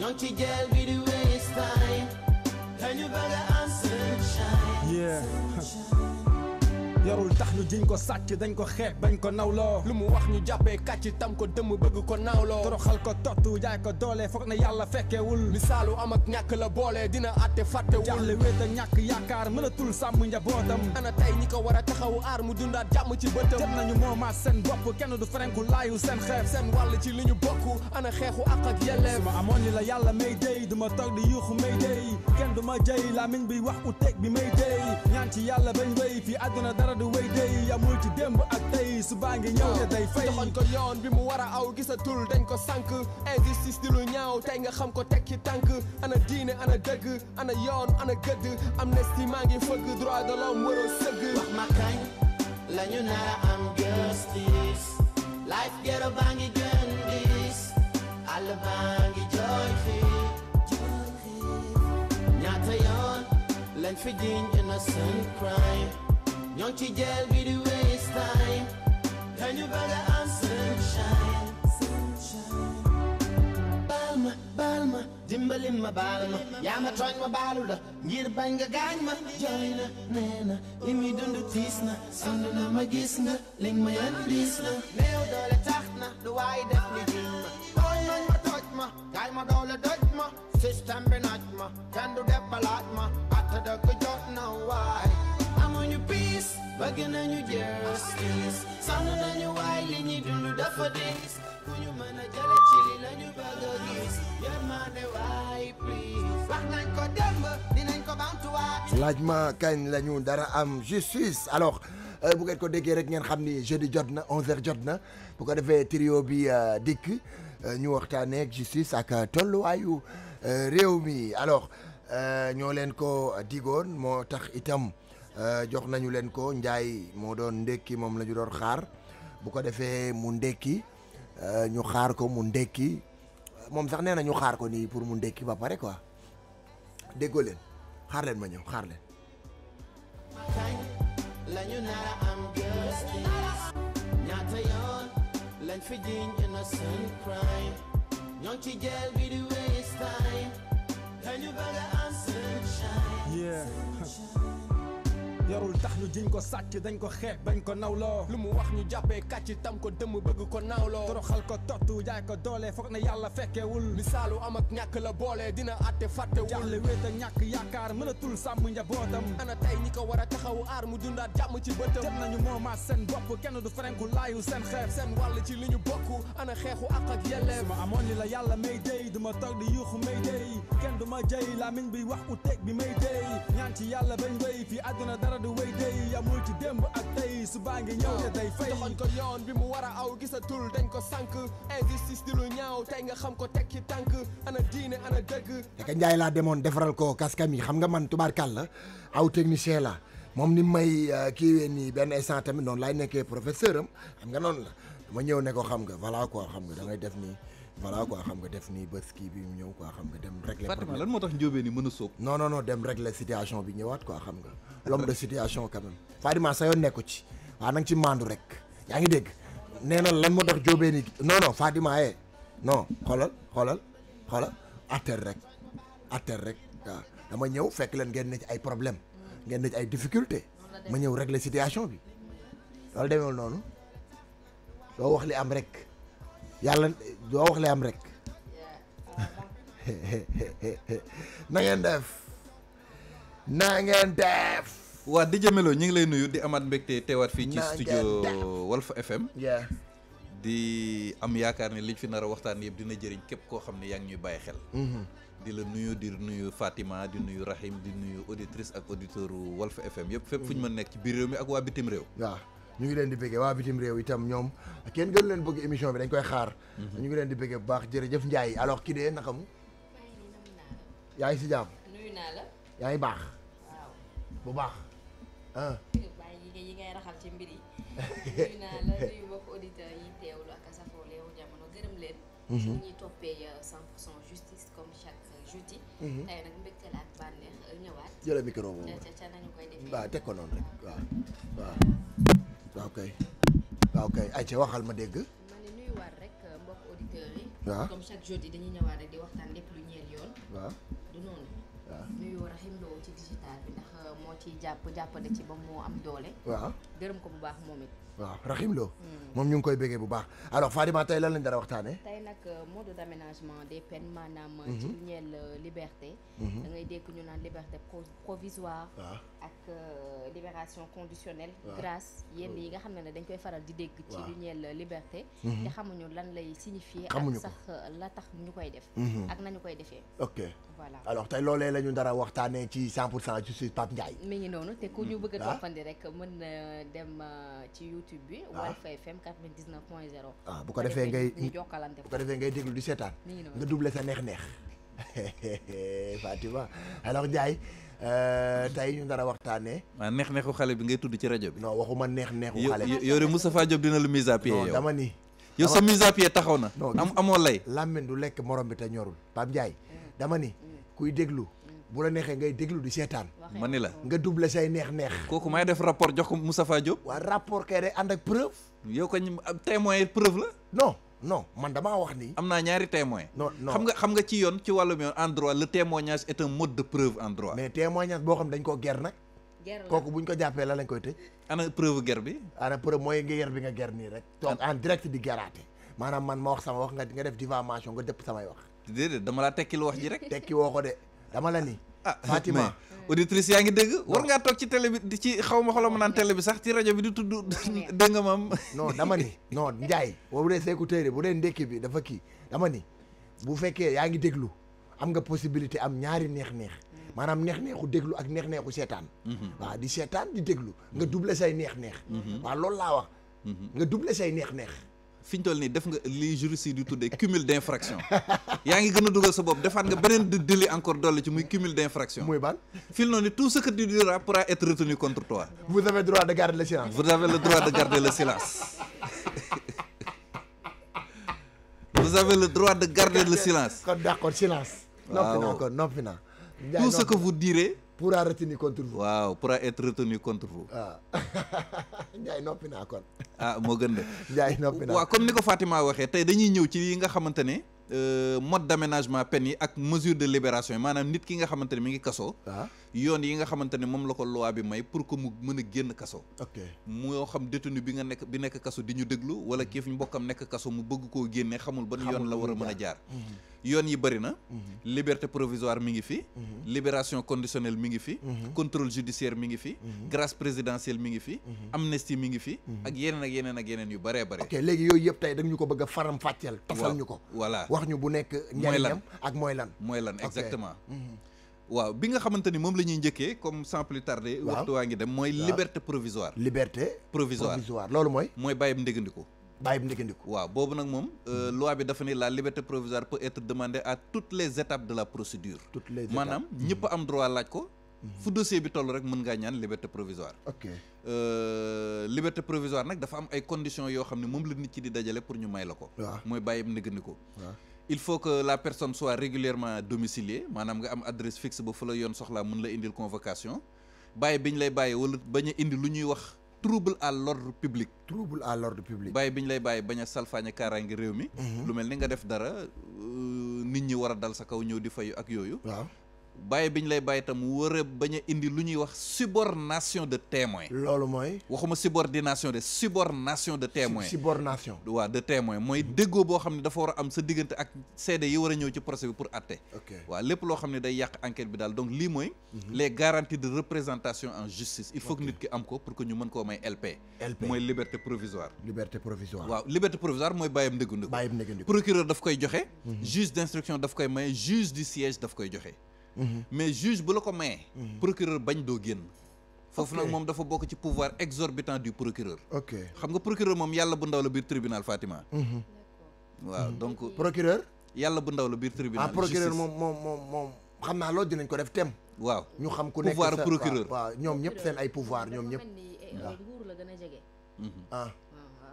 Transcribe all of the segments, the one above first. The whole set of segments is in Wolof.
ñoo ngi ci jël bi di waste time dañu bëgg am sunshine. Yeah. yorul tax ñu jiñ ko sàcc dañ ko xeeb bañ ko nawloo lu mu wax ñu jàppee kàcc tam ko dëmm bëgg ko nawloo toroxal ko tott jaay ko doole foog na yàlla fekkewul misaalu am ak ñàkk la boole dina àtte fàttewul jàlle wéet ak ñàkk yaakaar mënatul sàmm njabootam ana tey ñi ko war a taxaw aar mu dundaat jàmm ci bëtam dem nañu moomaat seen bopp kenn du frenku laayu seen xeeb seen wàll ci li ñu bokk ana xeexu ak ak yelleef su ma amoon li la yàlla may day du toog di yuuxu may day kenn du ma jëy bi wax u bi may day ñaan ci yàlla bañ wéy fi àdduna dara du wéy ci démb ak tey ngi ñëw te ko yoon bi mu war a aw gisatul dañ ko sànk injustice di nga xam ko teg ci tànk ana diine ana dëgg ana yoon ana gëdd amnesty maa la am justice life gero baa ngi gën gis àll baa ñaata yoon lañ fi jiiñ innocent crime ñoo ci jël bi di waste time dañu bëgg a am sunshine baal ma baal ma dimbalin ma baal ma yaa ma tooñ ma baalu la ngir bañ nga gaañ ma jooy na nee na li muy dund tiis na sonn ma gis nga li ma yan na néew doole tax na ma tooñ ma gaañ ma doole doj ma système bi ma kenn du def balaat ma atta dëgg bëgg nañu justice sonn nañu a jële ci li lañu bëgg dara am justice alors euh, bu ngeen ko déggee rek ngeen xam ni jeudi jot na 11h jot na bu ko defee trio bi euh, dikk euh, ñu waxtaanee ak justice ak tolluwaayu réew mi alors ñoo leen ko digoon moo tax itam Euh, jox nañu leen ko njaay moo doon ndékki moom lañu doon xaar bu ko defee mu ndékki euh, ñu xaar ko mu ndékki moom sax nee na ñu xaar ko nii pour mu ndékki ba pare quoi déggoo leen xaar leen ma ñëw xaar leen. lañu nara am justice ñaata yoon lañ fi jiiñ innocent crime ci yarul tax ñu jiñ ko sàcc dañ ko xeeb bañ ko nawloo lu mu wax ñu jàppee kàcc tam ko dëmm bëgg ko nawloo toroxal ko tott jaay ko doole foog na yàlla fekkewul misaalu am ak ñàkk la boole dina àtte fàttewul jàlle wéet ak ñàkk yaakaar mënatul sàmm njabootam ana tey ñi ko war a taxawu aar mu dundaat jàmm ci bëtam dem nañu moomaat seen bopp kenn du frenku laayu seen xeef seen wàll ci li ñu bokk ana xeexu àq ak yelleef ma amoon li la yàlla may day duma toog di yuuxu may day kenn du ma jëy lamiñ bi wax u teeg bi di wéy day amul ci démb ak tey su baa ngi ñëw te day fay doxoon ko yoon bi mu war a aw gisatul dañ ko sànk injustice di lu ñaaw tey nga xam ko tekki tànk ana diine ana dëgg deka njaay laa demoon defaral ko kaskam yi xam nga man tubaarkal la aw technicien la moom ni may euh, kii nii benn instant tamit noonu laay nekkee professeur am xam nga noonu la dama ñëw ne ko xam nga voilà quoi xam nga da ngay def nii voilà quoi xam nga def nii bés kii bi ñëw ko xam nga dem régler Fatima lan moo tax njóobee ni mën a sóob non non non dem régler situation bi ñëwaat quoi xam nga l'homme situation quand même Fatima sa nekku ci waaw na rek yaa ngi dégg nee na lan moo tax jóobee ni non non Fatima eh non xoolal xoolal xoolal atteer rek atteer rek waaw dama ñëw fekk leen ngeen ne ci ay problème ngeen ne ay difficulté ma ñëw régler situation bi loolu demeewul noonu loo wax li am rek yàlla doo wax am rek nangeen ngeen def na ngeen def. waa di Melo ñu ngi lay nuyu di amaat mbégte teewaat fii ci studio Walf FM. di am yaakaar ne liñ fi nar a waxtaan yëpp dina jëriñ képp koo xam ne yaa ngi ñuy bàyyi xel. Mm-hmm. di la nuyu di nuyu Fatima di nuyu Rahim di nuyu auditrice ak auditeur Walf FM yëpp. fépp fu ñu mën nekk ci biir réew mi ak waa bitim réew. waaw ñu ngi leen di bëggee waa bitim réew tam ñoom kenn gënu leen bëgg émission bi dañ koy xaar mhm. ñu ngi leen di bëggee bu baax jërëjëf Ndiaye alors ki dee naka mu ngi si jàmm baax bu baax ah yi ngay mbir yi nuyu naa la nuyu mbokk auditeurs yi teewlu ak safoo Leeru Jamono gërëm leen mhm. euh, mhm. euh, jëla micro boobu ca teg ko noonu rek waaw waaw kay waaw kay ay ci waxal ma dégg. ma ne nuyuwaat rek euh, mbokk auditeurs yi. waaw comme chaque jeudi dañuy ñëwaat rek di waxtaan lépp lu ñeel yoon. waaw nuyu Rahim loo ci digital bi ndax euh, moo ci jàpp jàppale ci ba mu am doole. waaw gërëm ko bu baax moom it. waaw Rahim Lo. Hmm. moom ñu ngi koy bëggee bu baax alors Fadima tey lan lañ dara waxtaanee. tey nag euh, mode d' aménagement des peines maanaam. Euh, mhm. ci ñeel liberté. Mhm. da ngay dégg ñu naan liberté provisoire. ak libération conditionnelle. grâce yenn yi nga xam ne dañ koy faral di dégg. ci lu ñeel liberté. Mhm. te xamuñu lan lay signifier. xamuñu ak sax la tax ñu koy def. ak nañu koy defee. voilà alors tey loolee la ñu dara waxtaanee ci 100 pour cent justice Pape Ndiaye. mi ngi noonu te ku ñu bëgg a ah. toppandi rek mën na dem euh, ci YouTube bi. waaw ah. Walf FM 99 point 0. waaw ah, bu ko defee ngay ñu jokkalante bu ko defee ngay déglu di seetaan. nga doublé sa neex-neex. Fatima alors Ndiaye euh, tey ñu dara waxtaanee. waaw neex-neexu xale bi ngay tudd ci rajo bi. non waxuma neex-neexu xale bi. yow yow Moustapha Diop dina la mise à pied yow. dama ni. yow sa mise taxaw na. am amoo lay. làmmiñ du lekk morom bi te ñorul Pape Ndiaye. dama ni kuy déglu bu la neexee ngay déglu di seetaan. ma ni la nga double say neex-neex. kooku may def rapport jox ko Moustapha Diop. waa rapport kay day ànd ak preuve. yow ko témoin preuve la. ni. am naa ñaari témoin. non non xam nga xam nga ci yoon ci wàllum yoon en droit le témoignage est boo xam dañ koo ger nag. ger kooku buñ ko jàppee la lañ koy tëj. ana preuve ger bi. ana preuve mooy nga ger bi nga ger nii rek. toog en direct di geraate maanaam man ma wax sama wax nga nga def diffamation nga dëpp samay wax. déedéet dama laa tekkil wax ji rek. tekki woo ko de dama la ni. ah Fatima auditrice yaa ngi dégg war ngaa toog ci télé bi ci xaw ma xolam naan télé bi sax ci rajo bi di tudd dégg nga maam. non dama ni non Ndiaye. boobu dee sécurité bi bu dee ndekki bi dafa kii dama ni bu fekkee yaa ngi déglu am nga possibilité am ñaari neex-neex. Mm. maanaam neex-neexu déglu ak neex-neexu seetaan. Mm-hmm. waaw di seetaan di déglu. nga mm-hmm. duble say neex-neex. Mm-hmm. waaw loolu laa wax. nga duble say neex-neex. fi ñu toll nii def nga li juriste yi di tuddee cumul d' infraction yaa ngi gën a dugal sa bopp defaat nga beneen di délit encore dolli ci muy cumul d' infraction muy ban fil noonu tout ce que tu diras pourra être retenu contre toi vous avez le silence droit de garder le silence vous avez le droit de garder le silence kon d' accord silence naa tout ce que vous direz pourra retenu contre vous. waaw pourra être retenu contre vous. waaw ah. kon. ah moo gën de. Ndiaye noppi naa waaw comme ni ko Fatima waxee tey dañuy ñëw ci yi nga xamante ne. Euh, mode d' aménagement peine yi ak mesure de libération yi maanaam nit ki nga xamante ne mi ngi kaso waaw ah. yoon yi nga xamante ne moom la ko loi bi may pour que mu mën a génn kaso ok moo xam détenu bi nga nekk bi nekk kaso di ñu déglu wala mm-hmm. kii fi mbokkam nekk kaso mu bëgg koo génne xamul ban yoon la war a mën a jaar mm-hmm. yoon yi bëri mm-hmm. liberté provisoire mi ngi fi libération conditionnelle mi ngi fi contrôle judiciaire mi ngi fi grâce présidentielle mi ngi fi amnistie mi ngi fi ak yeneen ak yeneen ak yeneen yu bëree bëri ok léegi yooyu yëpp tey dañ ñu ko bëgg a faram fàcceel ñu ko voilà wax ñu bu nekk njëriñam ak mooy lan waaw bi nga xamante ni moom la ñuy njëkkee comme sans plus tarder. waxtu waa ngi dem mooy liberté provisoire. liberté provisoire provisoire loolu mooy. mooy bàyyib ndégandiku. bàyyib ndégandiku. waaw boobu nag moom. Euh, loi bi dafa ne la liberté provisoire peut être demandée à toutes les étapes de la procédure. toutes les maanaam ñëpp am droit laaj ko. Mhm. fu dossier bi toll rek mën ngaa ñaan liberté provisoire. ok euh, liberté provisoire nag dafa am ay conditions yoo xam ne moom la ci di dajale pour ñu may la ko. waaw mooy bàyyib ndégandiku. waaw il faut que la personne soit régulièrement domiciliée maanaam nga am adresse fixe ba fu la yoon soxlaa mën la indil convocation bàyyi bi ñu lay bàyyi wala bañ a indi lu ñuy wax trouble à l'ordre public. trouble à l'ordre public. bàyyi bi ñu lay bàyyi bañ a salfaañe kaaraange réew mi. Mhm. lu mel ni nga def dara euh, nit ñi war a dal sa kaw ñëw di fayu ak yooyu. bàyyi bi ñu lay bàyyi tam war a bañ a indi lu ñuy wax nation de témoin loolu mooy waxuma subordination de nation de témoin subornation waaw de témoin mooy déggoo boo xam ne dafa war a am sa diggante ak seede yi war a ñëw ci procès bi pour atte waaw lépp loo xam ne day yàq enquête bi daal donc lii mooy mhm. les garanties de représentation en justice il faut nit ki am ko pour que ñu mën koo may LP LP mooy liberté provisoire liberté provisoire waaw liberté provisoire mooy bàyyam ndëggu ndëggu bàyyam ndëggu ndëggu procureur daf koy joxe mhm. daf koy joxe Mhm. mais juge bu la ko mayee. Mhm. procureur bañ doo génn. foofu nag moom dafa bokk ci pouvoir exorbitant du procureur. ok xam nga procureur moom yàlla bu ndaw la biir tribunal Fatima. Mhm. waaw procureur. bu ndaw la biir tribunal. ah procureur moom moom moom moom xam naa loolu dinañ ko def tem. waaw ñu xam ñoom ñëpp seen ay pouvoir ñoom ñëpp. Eh, a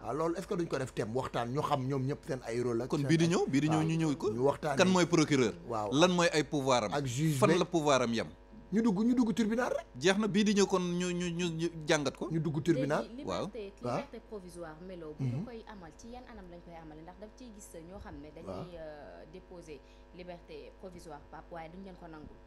waaw loolu est-ce que duñ ko def thème waxtaan ñu xam ñoom ñëpp seen ay rôle ak kon bii di ñëw bii di ñëw ñu ñëw ko ñu waxtaan kan mooy procureur lan mooy ay pouvoir am ak fan la pouvoir am yem ñu dugg ñu dugg tribunal rek bii di ñëw kon ñu ñu ñu ñu jàngat ko ñu dugg tribunal waaw liberté provisoire melo bu ñu mhm. koy amal ci yan anam lañ koy amale ndax daf ciy gis ñoo xam ne dañuy euh, déposer liberté provisoire pap waaye duñ leen ko nangul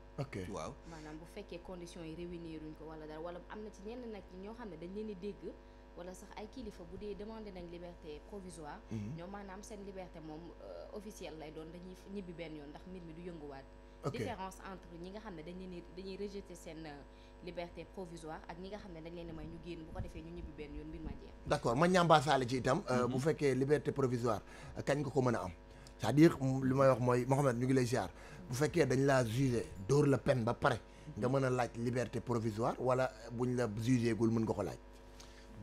waaw maanaam bu fekkee condition yi réunir uñ ko wala dara wala am na ci ñenn nag ñoo xam ne dañ leen di dégg wala sax ay kilifa bu dee demandé nañ liberté provisoire mhm. ñoom maanaam seen liberté moom euh, officielle lay doon dañuy ñibbi benn yoon ndax mbir mi du yënguwaat différence entre ñi nga xam ne dañ leen dañuy régité seen euh, liberté provisoire ak ñi nga xam ne dañ leen a may ñu génn bu ko defee ñu ñibbi benn yoon mbir ma jeex d'accord ma ñambaasaale ci itam euh, bu mhm. fekkee liberté provisoire kañ nga ko mën a am cest diir li may wax mooy Mohamed ñu ngi lay ziar bu fekkee dañ laa jugé dóor la peine ba pare nga mën a laaj liberté provisoire wala buñ la jugé gul mën nga ko laaj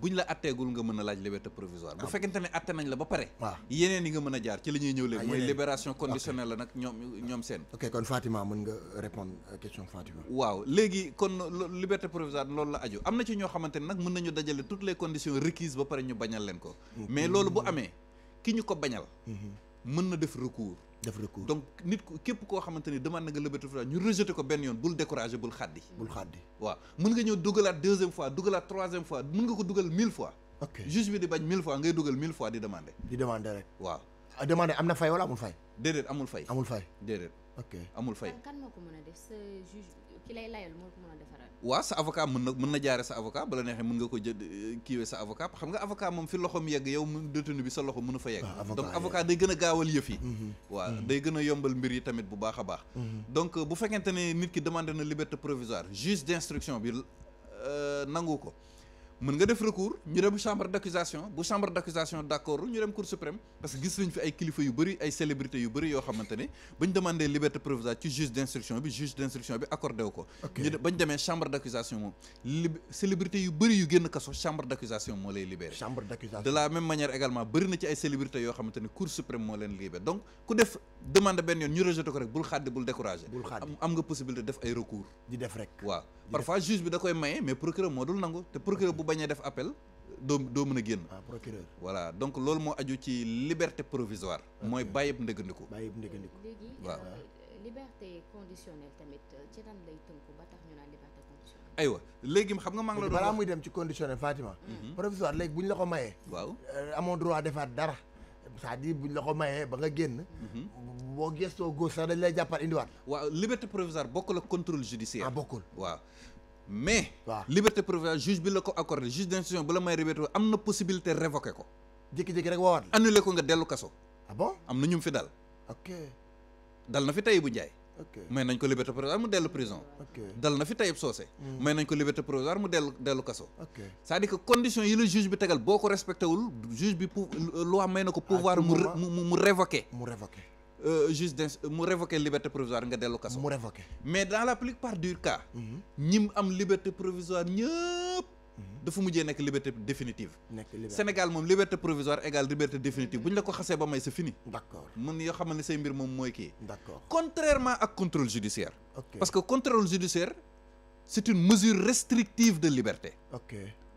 buñ la atteegul nga mën a laaj liberté provisoire bu ah. fekkente ne atte nañ la ba pare ah. yeneen yi nga mën a jaar ci la ñuy ñëw léegi ah, mooy libération conditionnelle la nag ñoom ñoom seen ok kon Fatima mën nga répondre question Fatima waaw léegi kon liberté provisoire loolu la aju am na ci ñoo xamante ne nag mën nañu dajale toutes les conditions requises ba pare ñu bañal leen ko mm-hmm. mais loolu bu amee ki ñu ko bañal mm-hmm. mën na def recours def recours donc nit ku képp koo xamante ni demande nga liberté provisoire ñu rejeté ko benn yoon bul découragé bul xaddi. bul xaddi waaw mën nga ñëw dugalaat deuxième fois dugalaat troisième fois mën nga ko dugal mille fois. ok juge bi di bañ mille fois ngay dugal mille fois di demandé. di demandé rek Ah, demandé am na fay wala amul fay. déedéet amul fay. amul fay déedéet. ok amul fay. kan moo ko a def sa a defaral. waaw avocat mën na mën na jaare sa avocat bala neexee mën nga ko jël eh, kiiwee sa avocat xam nga avocat moom fi loxoom yegg yow détenu bi sa loxo mënu fa yegg. Ah, donc avocat day gën a gaawal yëf yi. Mm-hmm. waaw mm-hmm. day gën a yombal mbir yi tamit bu baax a baax. Mm-hmm. donc bu fekkente ne nit ki demande na liberté provisoire juge d'instruction bi euh, nangu ko. mën nga def recours ñu dem chambre d'accusation bu chambre d'accusation d'accord ñu dem cour suprême parce que gis nañ fi ay kilifa yu bëri ay célébrités yu bëri yoo xamante ne bañ demandé liberté provisoire ci juge d'instruction bi juge d'instruction bi accordé wu ko ñu demee chambre d'accusation moom li yu bëri yu génn kaso chambre d'accusation moo lay libéré de la même manière également bëri ci ay célébrités yoo xamante ne da bañ def appel doo doo mën a génn. ah procureur. voilà donc loolu moo aju ci liberté provisoire. mooy bàyyib ndëgëndiku. bàyyib ndëgëndiku waaw léegi euh, liberté conditionnelle tamit euh, ci lan lay tënku xam nga maa ngi la doon balaa muy dem ci conditionnel Fatima. Mhm. provisoire léegi bu ñu la ko mayee. waaw euh, amoo droit defaat dara. cest di dire buñ la ko mayee ba nga génn. Mhm. boo gëstoo góor sax dañ lay jàppal indiwaat. waaw liberté provisoire bokkul ak contrôle judiciaire. ah bokkul mais waaw liberté provisoire juge bi la ko accordé juge d'instruction bu la may liberté am na possibilité révoquer ko jékki-jékki rek waat annulé ko nga dellu kaso ah am na ñu fi dal ok dal na fi Tahibou Ndiaye may nañ ko liberté provisoire mu dellu prison dal na fi Tahib Socé mm. may nañ ko liberté provisoire mu dellu dellu kaso cest à que condition yi la juge bi tegal boo ko respecté wul juge bi pour loi may na ko pouvoir mu mu révoquer mu révoquer Euh, juge d' mu révoqué liberté provisoire nga dellu kaso. mais dans la plupart du cas. Mhm. ñim am liberté provisoire ñëpp. Mhm. dafa mujjee nekk liberté définitive. nekk liberté Sénégal moom liberté provisoire égale liberté définitive bu ñu la ko xasee ba may sa fini. d' accord mën yoo xamal ne say mbir moom mooy kii. d' accord contrairement ak contrôle judiciaire. Okay. parce que contrôle judiciaire c' est une mesure restrictive de liberté.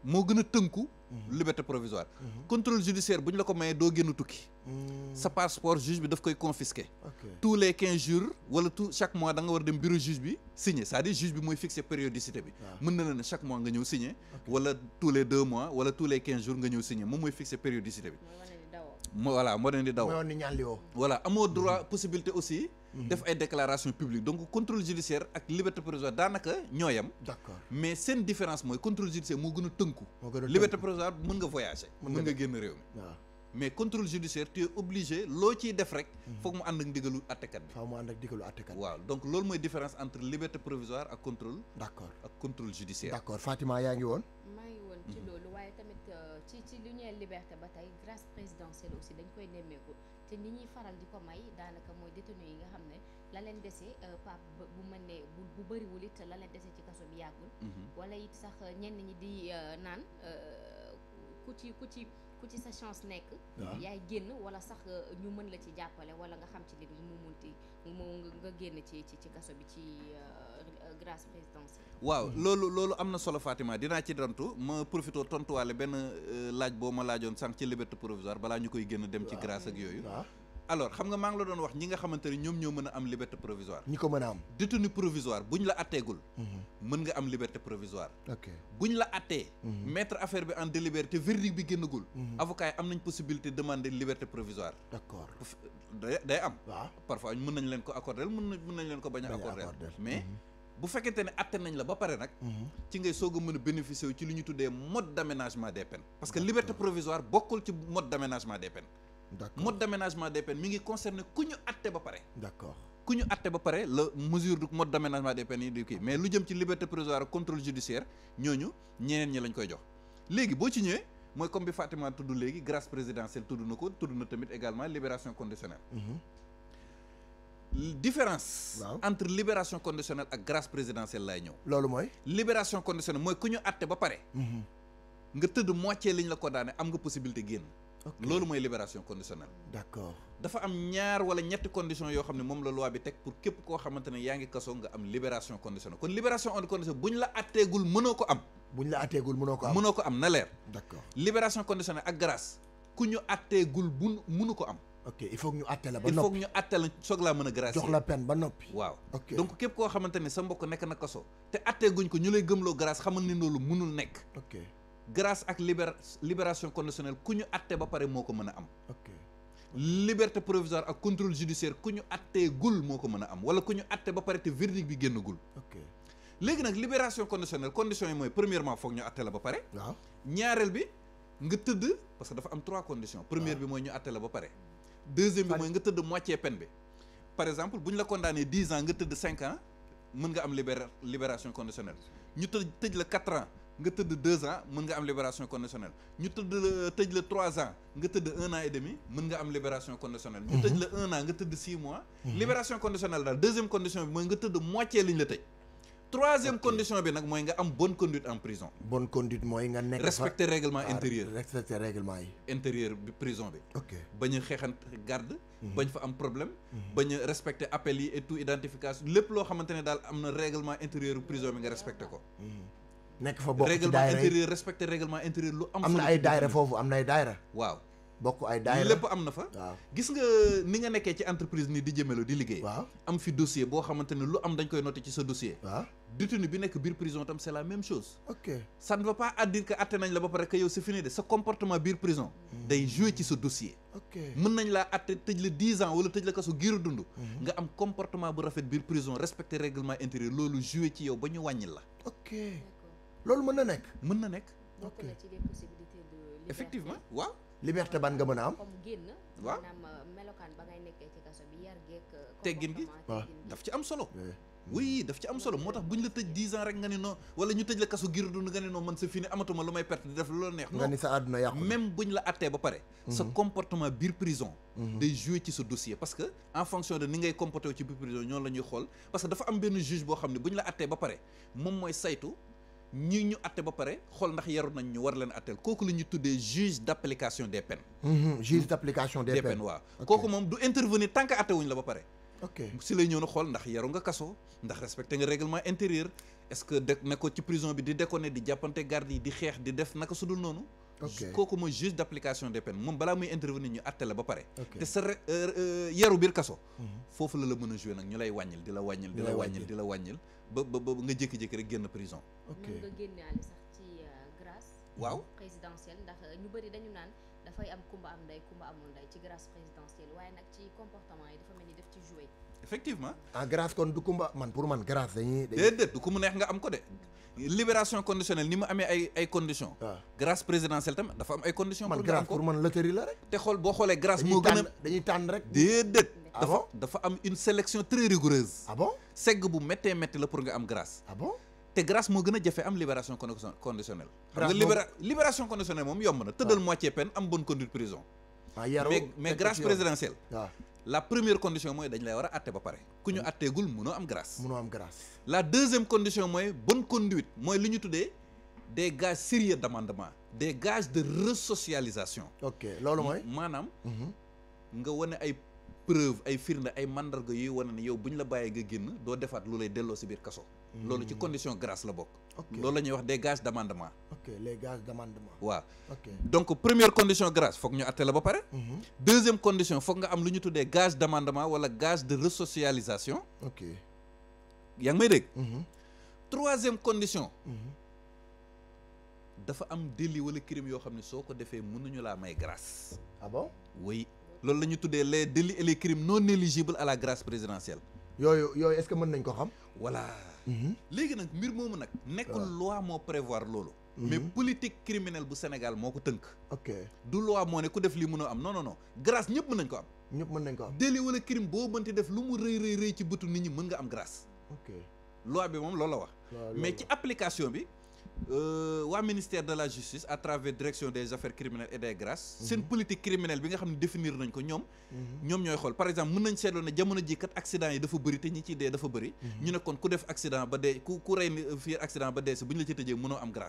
moo gën a tënku. Mm-hmm. liberté provisoire mm-hmm. contrôle judiciaire bu ñu la ko mayee doo génn tukki mm-hmm. sa passeport juge bi daf koy confisquer tous les quinze jours wala tout chaque mois da bi signer cest à bi mooy ah. na la ne chaque mois nga ñëw signer wala tous les deux mois wala tous les quinze jours nga ñëw signer moom mooy fixer périodicité bi voilà moo leen di daw voilà amoo droit possibilité aussi Mm-hmm. def ay déclaration publique donc contrôle judiciaire ak liberté provisoire daanaka ñoo d'accord mais seen différence mooy contrôle judiciaire moo gën a tënku liberté provisoire mën nga voyager mën nga génn réew mi mais contrôle judiciaire tu es obligé loo ciy def rek mm-hmm. foog mu ànd ak ndigalu attekat bi waaw donc loolu mooy différence entre liberté provisoire ak contrôle d'accord ak contrôle judiciaire d'accord Fatima yaa ngi woon maa ngi woon ci mm-hmm. te ni ñuy faral di ko may daanaka mooy détenu yi nga xam ne la leen dese euh, Pape bu mën ne bu bariwul it la leen dese ci kaso bi yàggul. Mm-hmm. wala it sax ñenn ñi di euh, naan euh, ku ci ku ci ku ci sa chance nekk. yaay génn wala sax ñu mën la ci jàppale wala nga xam ci li mu munti mu nga génn ci ci kaso bi ci. grâce présidentielle. waaw loolu loolu am na solo Fatima dinaa ci dantu ma profité tontuwaale benn euh, laaj boo ma laajoon sànq ci liberté provisoire balaa ñu koy génn dem ci grâce ak yooyu. alors xam nga maa ngi la doon wax ñi nga xamante ne ñoom ñoo mën a am liberté provisoire. ñi ko mën a am. détenu provisoire buñ la atteegul. Mhm. mën nga am liberté provisoire. buñ la attee. Mhm. mettre affaire bi en délibéré verdict bi génnagul. Mhm. avocat yi am nañ possibilité demander liberté provisoire. d' accord day am. waaw parfois mën nañ leen ko accorder a. accorder mais. Mm -hmm. bu fekkente ne atte nañ la ba pare nag. Mhm. ci ngay soog a mën a bénéficier wu ci li ñu tuddee mode d' aménagement des parce que liberté provisoire bokkul ci mode d' aménagement des peines. d' accord mode d' ngi concerné ku ñu atte ba pare. d' ku ñu atte ba pare la mesure du mode d' aménagement des yi di kii mais lu jëm ci liberté provisoire contrôle judiciaire ñooñu ñeneen ñi lañ koy jox léegi boo ci ñëwee. mooy comme bi Fatima tudd léegi grâce présidentielle tudd na ko tudd na tamit également libération conditionnelle. Mhm. différence waaw entre libération conditionnelle ak grâce présidentielle lay ñëw loolu mooy libération conditionnelle mooy ku ñu àtte ba pare mhm. nga tëdd moitié liñ la condamné am nga possibilité génn loolu mooy libération conditionnelle d'accord dafa am ñaar wala ñetti condition yoo xam ne moom la loi bi teg pour képp koo xamante ne yaa ngi kaso nga am libération conditionnelle kon libération conditionnelle bu ñu la àtteegul mënoo ko am bu ñu la àtteegul mënoo ko am mënoo ko am na leer d'accord libération conditionnelle ak grâce ku ñu àtteegul bu mënu ko am ok il faut ñu àtte la ba noppi il faut que ñu àtte la jox la peine ba noppi waaw ok donc képp koo xamante ne sa mbokk nekk na kaso te àtte guñ ko ñu lay gëmloo grâce xamal ne loolu mënul nekk ok grâce ak libér libération conditionnelle ku ñu àtte ba pare moo ko mën a am ok liberté ak contrôle judiciaire ku ñu àttee gul moo ko mën a am wala ku ñu àtte ba pare te verdict bi génn gul ok léegi nag libération conditionnelle conditions yi mooy premièrement foog ñu àtte la ba pare waaw ñaareel bi nga tëdd parce que dafa am trois condition première bi mooy ñu àtte la ba pare deuxième bi mooy nga tëdd moitié peine bi par exemple bu ñu la condamné dix ans nga tëdd cinq ans mën nga am libéra libération conditionnelle ñu tëj tëj la quatre ans nga tëdd deux ans mun nga am libération conditionnelle ñu tëdd tëj la trois ans nga tëdd un an et demi mën nga am libération conditionnelle ñu tëj mhm. nga tëdd six mois mhm. libération conditionnelle daal deuxième condition bi mooy nga tëdd moitié liñ la tëj troisième condition bi nag mooy nga am bon conduite en prison. bonne conduite mooy nga nekk respecter règlement ah, intérieur respecter règlement yi. intérieur bi prison bi. ok bañ a xeexant garde. Mhm. bañ fa am problème. Mhm. bañ a respecter appel yi et tout identification lépp loo xamante ne daal am na règlement intérieur prison bi nga respecter ko. Mhm. nekk fa bokk ci daayira intérieur respecter règlement intérieur lu am. am na ay daayira foofu am na ay daayira waaw. bokk ay daayira lépp am na fa gis nga ni nga nekkee ci entreprise ni di jëmelo di liggéey waaw am fi dossier boo xamante ne lu am dañ koy noté ci sa dossier waaw bi nekk biir prison tam c'est la même chose ok ça ne veut pas dire que atte nañ la ba pare que yow c'est fini de sa comportement biir prison hmm. day jouer ci sa dossier ok mën nañ laa atte tëj la dix ans wala tëj la kaso giiru dund hmm. nga am comportement bu rafet biir prison respecter réglement intérieur loolu jouer ci yow ba ñu wàññi la loolu mën na nekk mën na nekk ok effectivement waaw liberté ban nga mën a am. comme génn. waaw maanaam euh, melokaan bi yar geek. Euh, teggin gi waaw ci am solo. Eh. oui daf ci am solo moo tax bu ñu la tëj 10 ans rek nga ne non wala ñu tëj la kasu gir dund nga ne non man sa fini amatuma lu may perte di def loolu neex. nga ni sa àdduna yàqu même bu ñu la attee ba pare. Mhm. sa comportement biir prison. Mhm. day jouer ci sa dossier parce que en fonction de ni ngay comporté ci biir prison ñoo la ñuy xool parce que dafa am benn juge boo xam ne bu ñu la attee ba pare moom mooy saytu. ñi ñu atte ba pare xool ndax yaru nañ ñu war leen atteel kooku la ñu tuddee juge d' application des mm-hmm. juge d' application des waaw kooku moom du interveni tant que atte wuñ la ba pare. ok si lay ñëw na xool ndax yaru nga kaso ndax respecté nga règlement intérieur est-ce que de ne ko ci prison bi di déconné di jàppante garde yi di xeex di def naka su dul noonu. kooku mooy juge d' application des moom balaa muy intervenir ñu àtte la ba pare te sa euh, euh, yaru biir mm-hmm. la mën a joué nag ñu lay wàññil di la wàññil di la wàññil di la wàññil ba ba ba nga jékki-jékki rek génn prison. ok nga génnaale sax ci euh, grâce. waaw présidentielle ndax euh, ñu bëri dañu naan dafay am kumba am ndey kumba amul ndey ci grâce présidentielle waaye nag ci comportement yi dafa mel ni def ci joué. effectivement ah, grâce kon du kumba man pour man grâce dañuy. déedéet du ku mu neex nga am ko de. libération conditionnelle ni mu amee ay ay conditions. waaw ah. grâce présidentielle tam dafa am ay condition pour nga am ko man grâce la rek. te xool boo xoolee grâce. moo gën a dañuy tànn dañuy tànn rek. déedéet. ah dafa dafa am une sélection très rigoureuse ah segg bu méttee métti la pour nga am grâce ah bon te grâce moo gën a jafe am libération conditionnelle xam nga libéra libération moom yomb na tëddal ah. moitié peine am bonne conduite prison ah, mais mais grâce présidentielle ah. la première condition mooy dañ lay war a atte ba pare ku ñu mm. atteegul munoo am grâce munoo am grâce la deuxième condition mooy bonne conduite mooy li ñu tuddee des gages sérieux demandement des gages de resocialisation ok loolu mooy maanaam mm-hmm. nga wane preuve ay firnde ay la bàyyee nga doo defaat lu lay delloo si biir kaso hmm. loolu ci condition grâce la bokk loolu la ñuy wax des gages d'amendement ok les gages d'amendement waaw donc première condition grâce foog ñu atte la ba pare mhm. deuxième condition foog nga am lu ñu tuddee gage d'amendement wala gage de resocialisation ok yaa ngi may dégg mhm. troisième condition mhm. dafa am délit wala crime yoo xam ne soo ko defee mënuñu laa may grâce ah loolu la ñu tuddee les délits et les crimes non éligibles à la grâce présidentielle. yooyu yooyu est-ce que mën nañ ko xam. voilà. Mhm. léegi nag mbir moomu nag. nekkul loi moo prévoir loolu. Mhm. mais politique criminelle bu Sénégal moo ko tënk. ok du loi moo ne ku def lii mënoo am non non non ñëpp mën nañ ko am. ñëpp mën nañ ko am délit wala crime boo mënti def lu mu rëy rëy rëy ci bëtu nit ñi mën nga am grâce. ok loi bi moom loolu la wax. mais ci application bi. Euh, waa ministère de la justice à travers direction des affaires criminelles et des grâces. seen politique criminelle bi nga xam ne définir nañ ko ñoom. ñoom ñooy xool par exemple mën nañ seetloo ne jamono ji kat accident yi dafa bëri te ñi ciy dee dafa bëri. Mhm. ñu ne kon ku def dee ku ku rey euh, fii accident ba dee si bu ñu la ci tëjee mënoo am gi.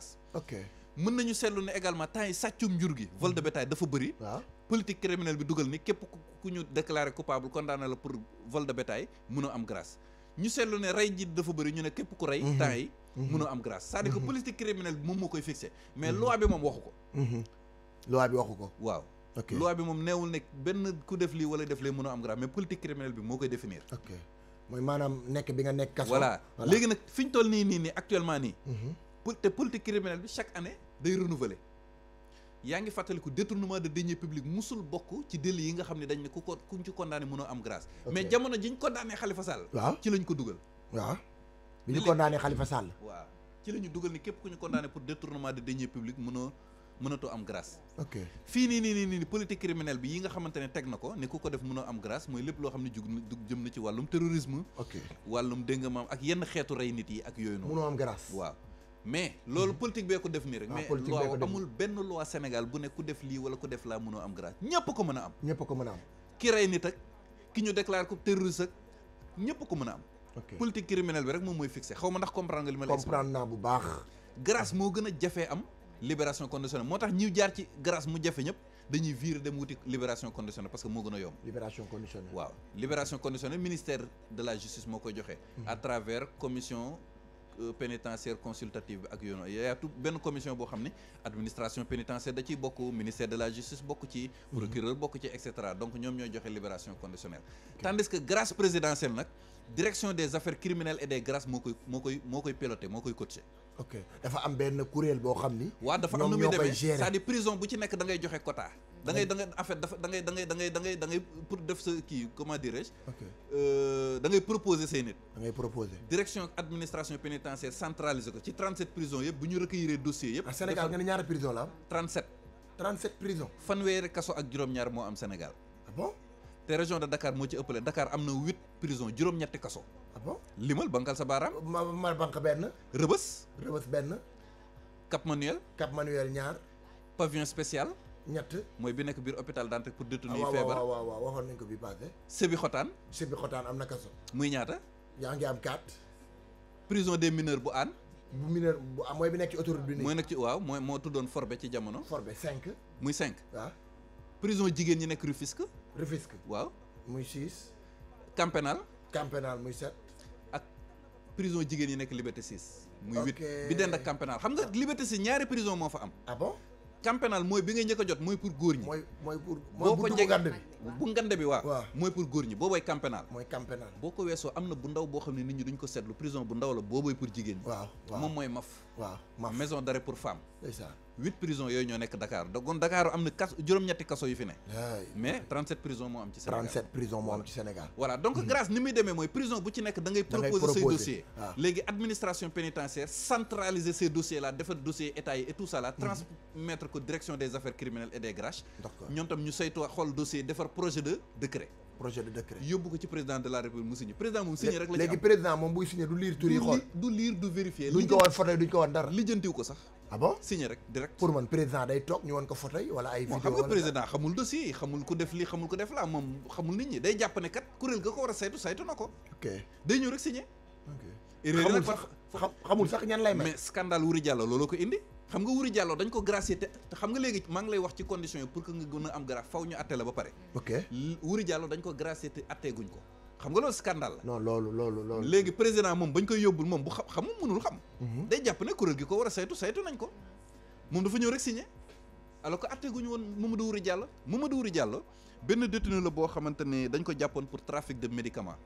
vol de mhm. bétail dafa bëri. waaw politique criminelle bi dugal ni képp ku ñu déclaré coupable condamné la pour vol de bétail mënoo am grâce ñu seetlu ne rey ji dafa bëri ñu ne képp ku rey mhm. temps yi Mm-hmm. mënoo am grâce cest à ko que mm-hmm. politique criminelle bi moom moo koy fixé mais mm-hmm. loi bi moom waxu ko loi bi waxu ko waaw ok loi bi moom neewul ne benn ku def lii wala def lee mënoo am grâce mais politique criminelle bi moo koy mooy maanaam nekk bi nga nekk kaso voilà léegi fi ñu toll nii nii nii actuellement nii te politique criminelle bi chaque année day renouveler yaa ngi fàttaliku détournement de deniers publics musul bokk ci délit yi nga xam ne dañ ne ku ko kuñ ci condamné mënoo am grâce mais jamono jiñ condamné Khalifa Sall waaw ci lañ ko dugal waaw bi ñu condamné Khalifa Sall waaw ci la dugal ni képp ku ñu condamné pour détournement de deniers publics mënoo mënatoo am grâce ok fii nii nii nii nii politique criminelle bi yi nga xamante ne teg na ko ne ku ko def mënoo am grâce mooy lépp loo xam ne jug dug jëm na ci wàllum terrorisme ok wàllum dégg maam ak yenn xeetu rey nit yi ak yooyu noonu mënoo am grâce waaw mais loolu mhm. politique bee ko def nii rek ah, mais loi amul benn loi Sénégal bu ne ku def lii wala ku def laa mënoo am grâce ñëpp ko mën am ñëpp ko mën am ki rey nit ak ki ñu déclare ko ñëpp ko mën am politique criminelle bi rek moom mooy fixé xaw ma ndax comprendre nga li ma bu baax grâce moo gën a jafee am libération conditionnelle moo tax ñiw jaar ci grace mu jafe ñëpp dañuy virer dem wuti libération conditionnelle parce que moo gën a yomb libération conditionnelle waaw libération conditionnelle ministère de la justice moo koy joxe. Mhm. à travers commission euh, pénitentiaire consultative ak yoon yaa tout benn commission boo xam ne administration pénitentiaire da ciy bokk ministère de la justice bokk ci mhm. procureur bokk ci et cetera donc ñoom ñooy joxe libération conditionnelle tandis direction des affaires criminelles et des grâces moo koy moo koy moo koy piloté moo koy coaché. ok dafa am benn kuréel boo xam ni. waaw dafa am bu ci nekk da ngay joxe quota. da ngay da ngay en fait dafa da ngay da ngay da ngay da ngay da ngay pour def sa kii comment dirais-je. ok euh, ko ci 37 prisons yëpp bu ñu recueillir dossiers yëpp. ah Sénégal nga ne ñaari prison la am. 37. 37 prisons. fanweeri kaso ñaar moo am Sénégal. ah bon. te région moo ci ëppale Dakar am na 8. prison juróom-ñetti kaso. Ah bon limal bankal sa baaraam. ma ma banque benn. rëbës. rëbës benn. Cap Manuel. Cap Manuel ñaar. pavillon spécial. ñett mooy bi nekk biir hôpital Dantec pour détenu yi ah, feebar waaw waaw waaw waxoon nañ ko bi passé. Sébi Xotaan. Sébi Xotaan am na kaso. muy ñaata. yaa ngi am 4. prison des mineurs bu aan. bu mineur bu ah, mooy bi nekk ci autoroute bi. mooy nekk ci waaw mooy moo tuddoon Forbe ci jamono. Forbe 5. muy 5. waaw. prison jigéen ñi nekk Rufisque. camp pénal camp pénal muy set ak prison jigéen yi nekk liberté 6 muy huit bi dend ak camp pénal xam nga liberté 6 ñaari prison moo fa am ah bon camp mooy bi ngay njëkk a jot mooy pour góor ñi mooy mooy pour boo ko bu ngande bi waaw mooy pour góor ñi boobooy camp mooy camp boo ko weesoo am na bu ndaw boo xam ne nit ñi duñ ko seetlu prison bu ndaw la boobooy pour jigéen ñi moom mooy maf waaw maf maison d'arrêt pour femme huit prison yooyu ñoo nekk Dakar dogon Dakar am na kas juróom-ñetti kaso yu fi ne mais 37 prison moo am ci Sénégal 37 prison moo am ci Sénégal voilà donc hmm. grâce ni muy demee mooy prison bu ci nekk da ngay proposer say dossier ah. léegi administration pénitentiaire centraliser ces dossiers là defar dossier état yi et tout ça là hmm. transmettre ko direction des affaires criminelles et des grâches ñoom tam ñu saytu xool dossier defar projet de décret projet de décret. yóbbu ko ci président de la république mu signé président moom signé rek la léegi président moom buy signé du liir tur yi du liir du vérifier duñ ko woon photo duñ ko woon dara lijjantiw ko sax ah bon signé rek direct pour man président day xamul dossier yi xamul ku def lii xamul ku def laa moom xamul nit ñi day jàpp kat kuréel ga ko war saytu saytu na ko ok day ñëw rek signé ok xamul sax ñan lay mais scandale wuri jàll looloo ko indi xam nga Wuri Diallo dañ ko gracier te xam nga léegi maa ngi lay wax ci condition yi pour que nga gën a am grâce faw ñu atte la ba pare. ok Wuri Diallo dañ ko gracier te atte guñ ko. xam nga loolu scandale la. non loolu loolu loolu. léegi président moom bañ koy yóbbul moom bu xam xam mënul xam. Mhm. day jàpp ne kuréel gi ko war a saytu saytu nañ ko. moom dafa ñëw rek signé alors que atte guñu woon Mamadou Wuri Diallo Mamadou Wuri Diallo benn détenu la boo xamante ne dañ ko jàppoon pour trafic de médicament.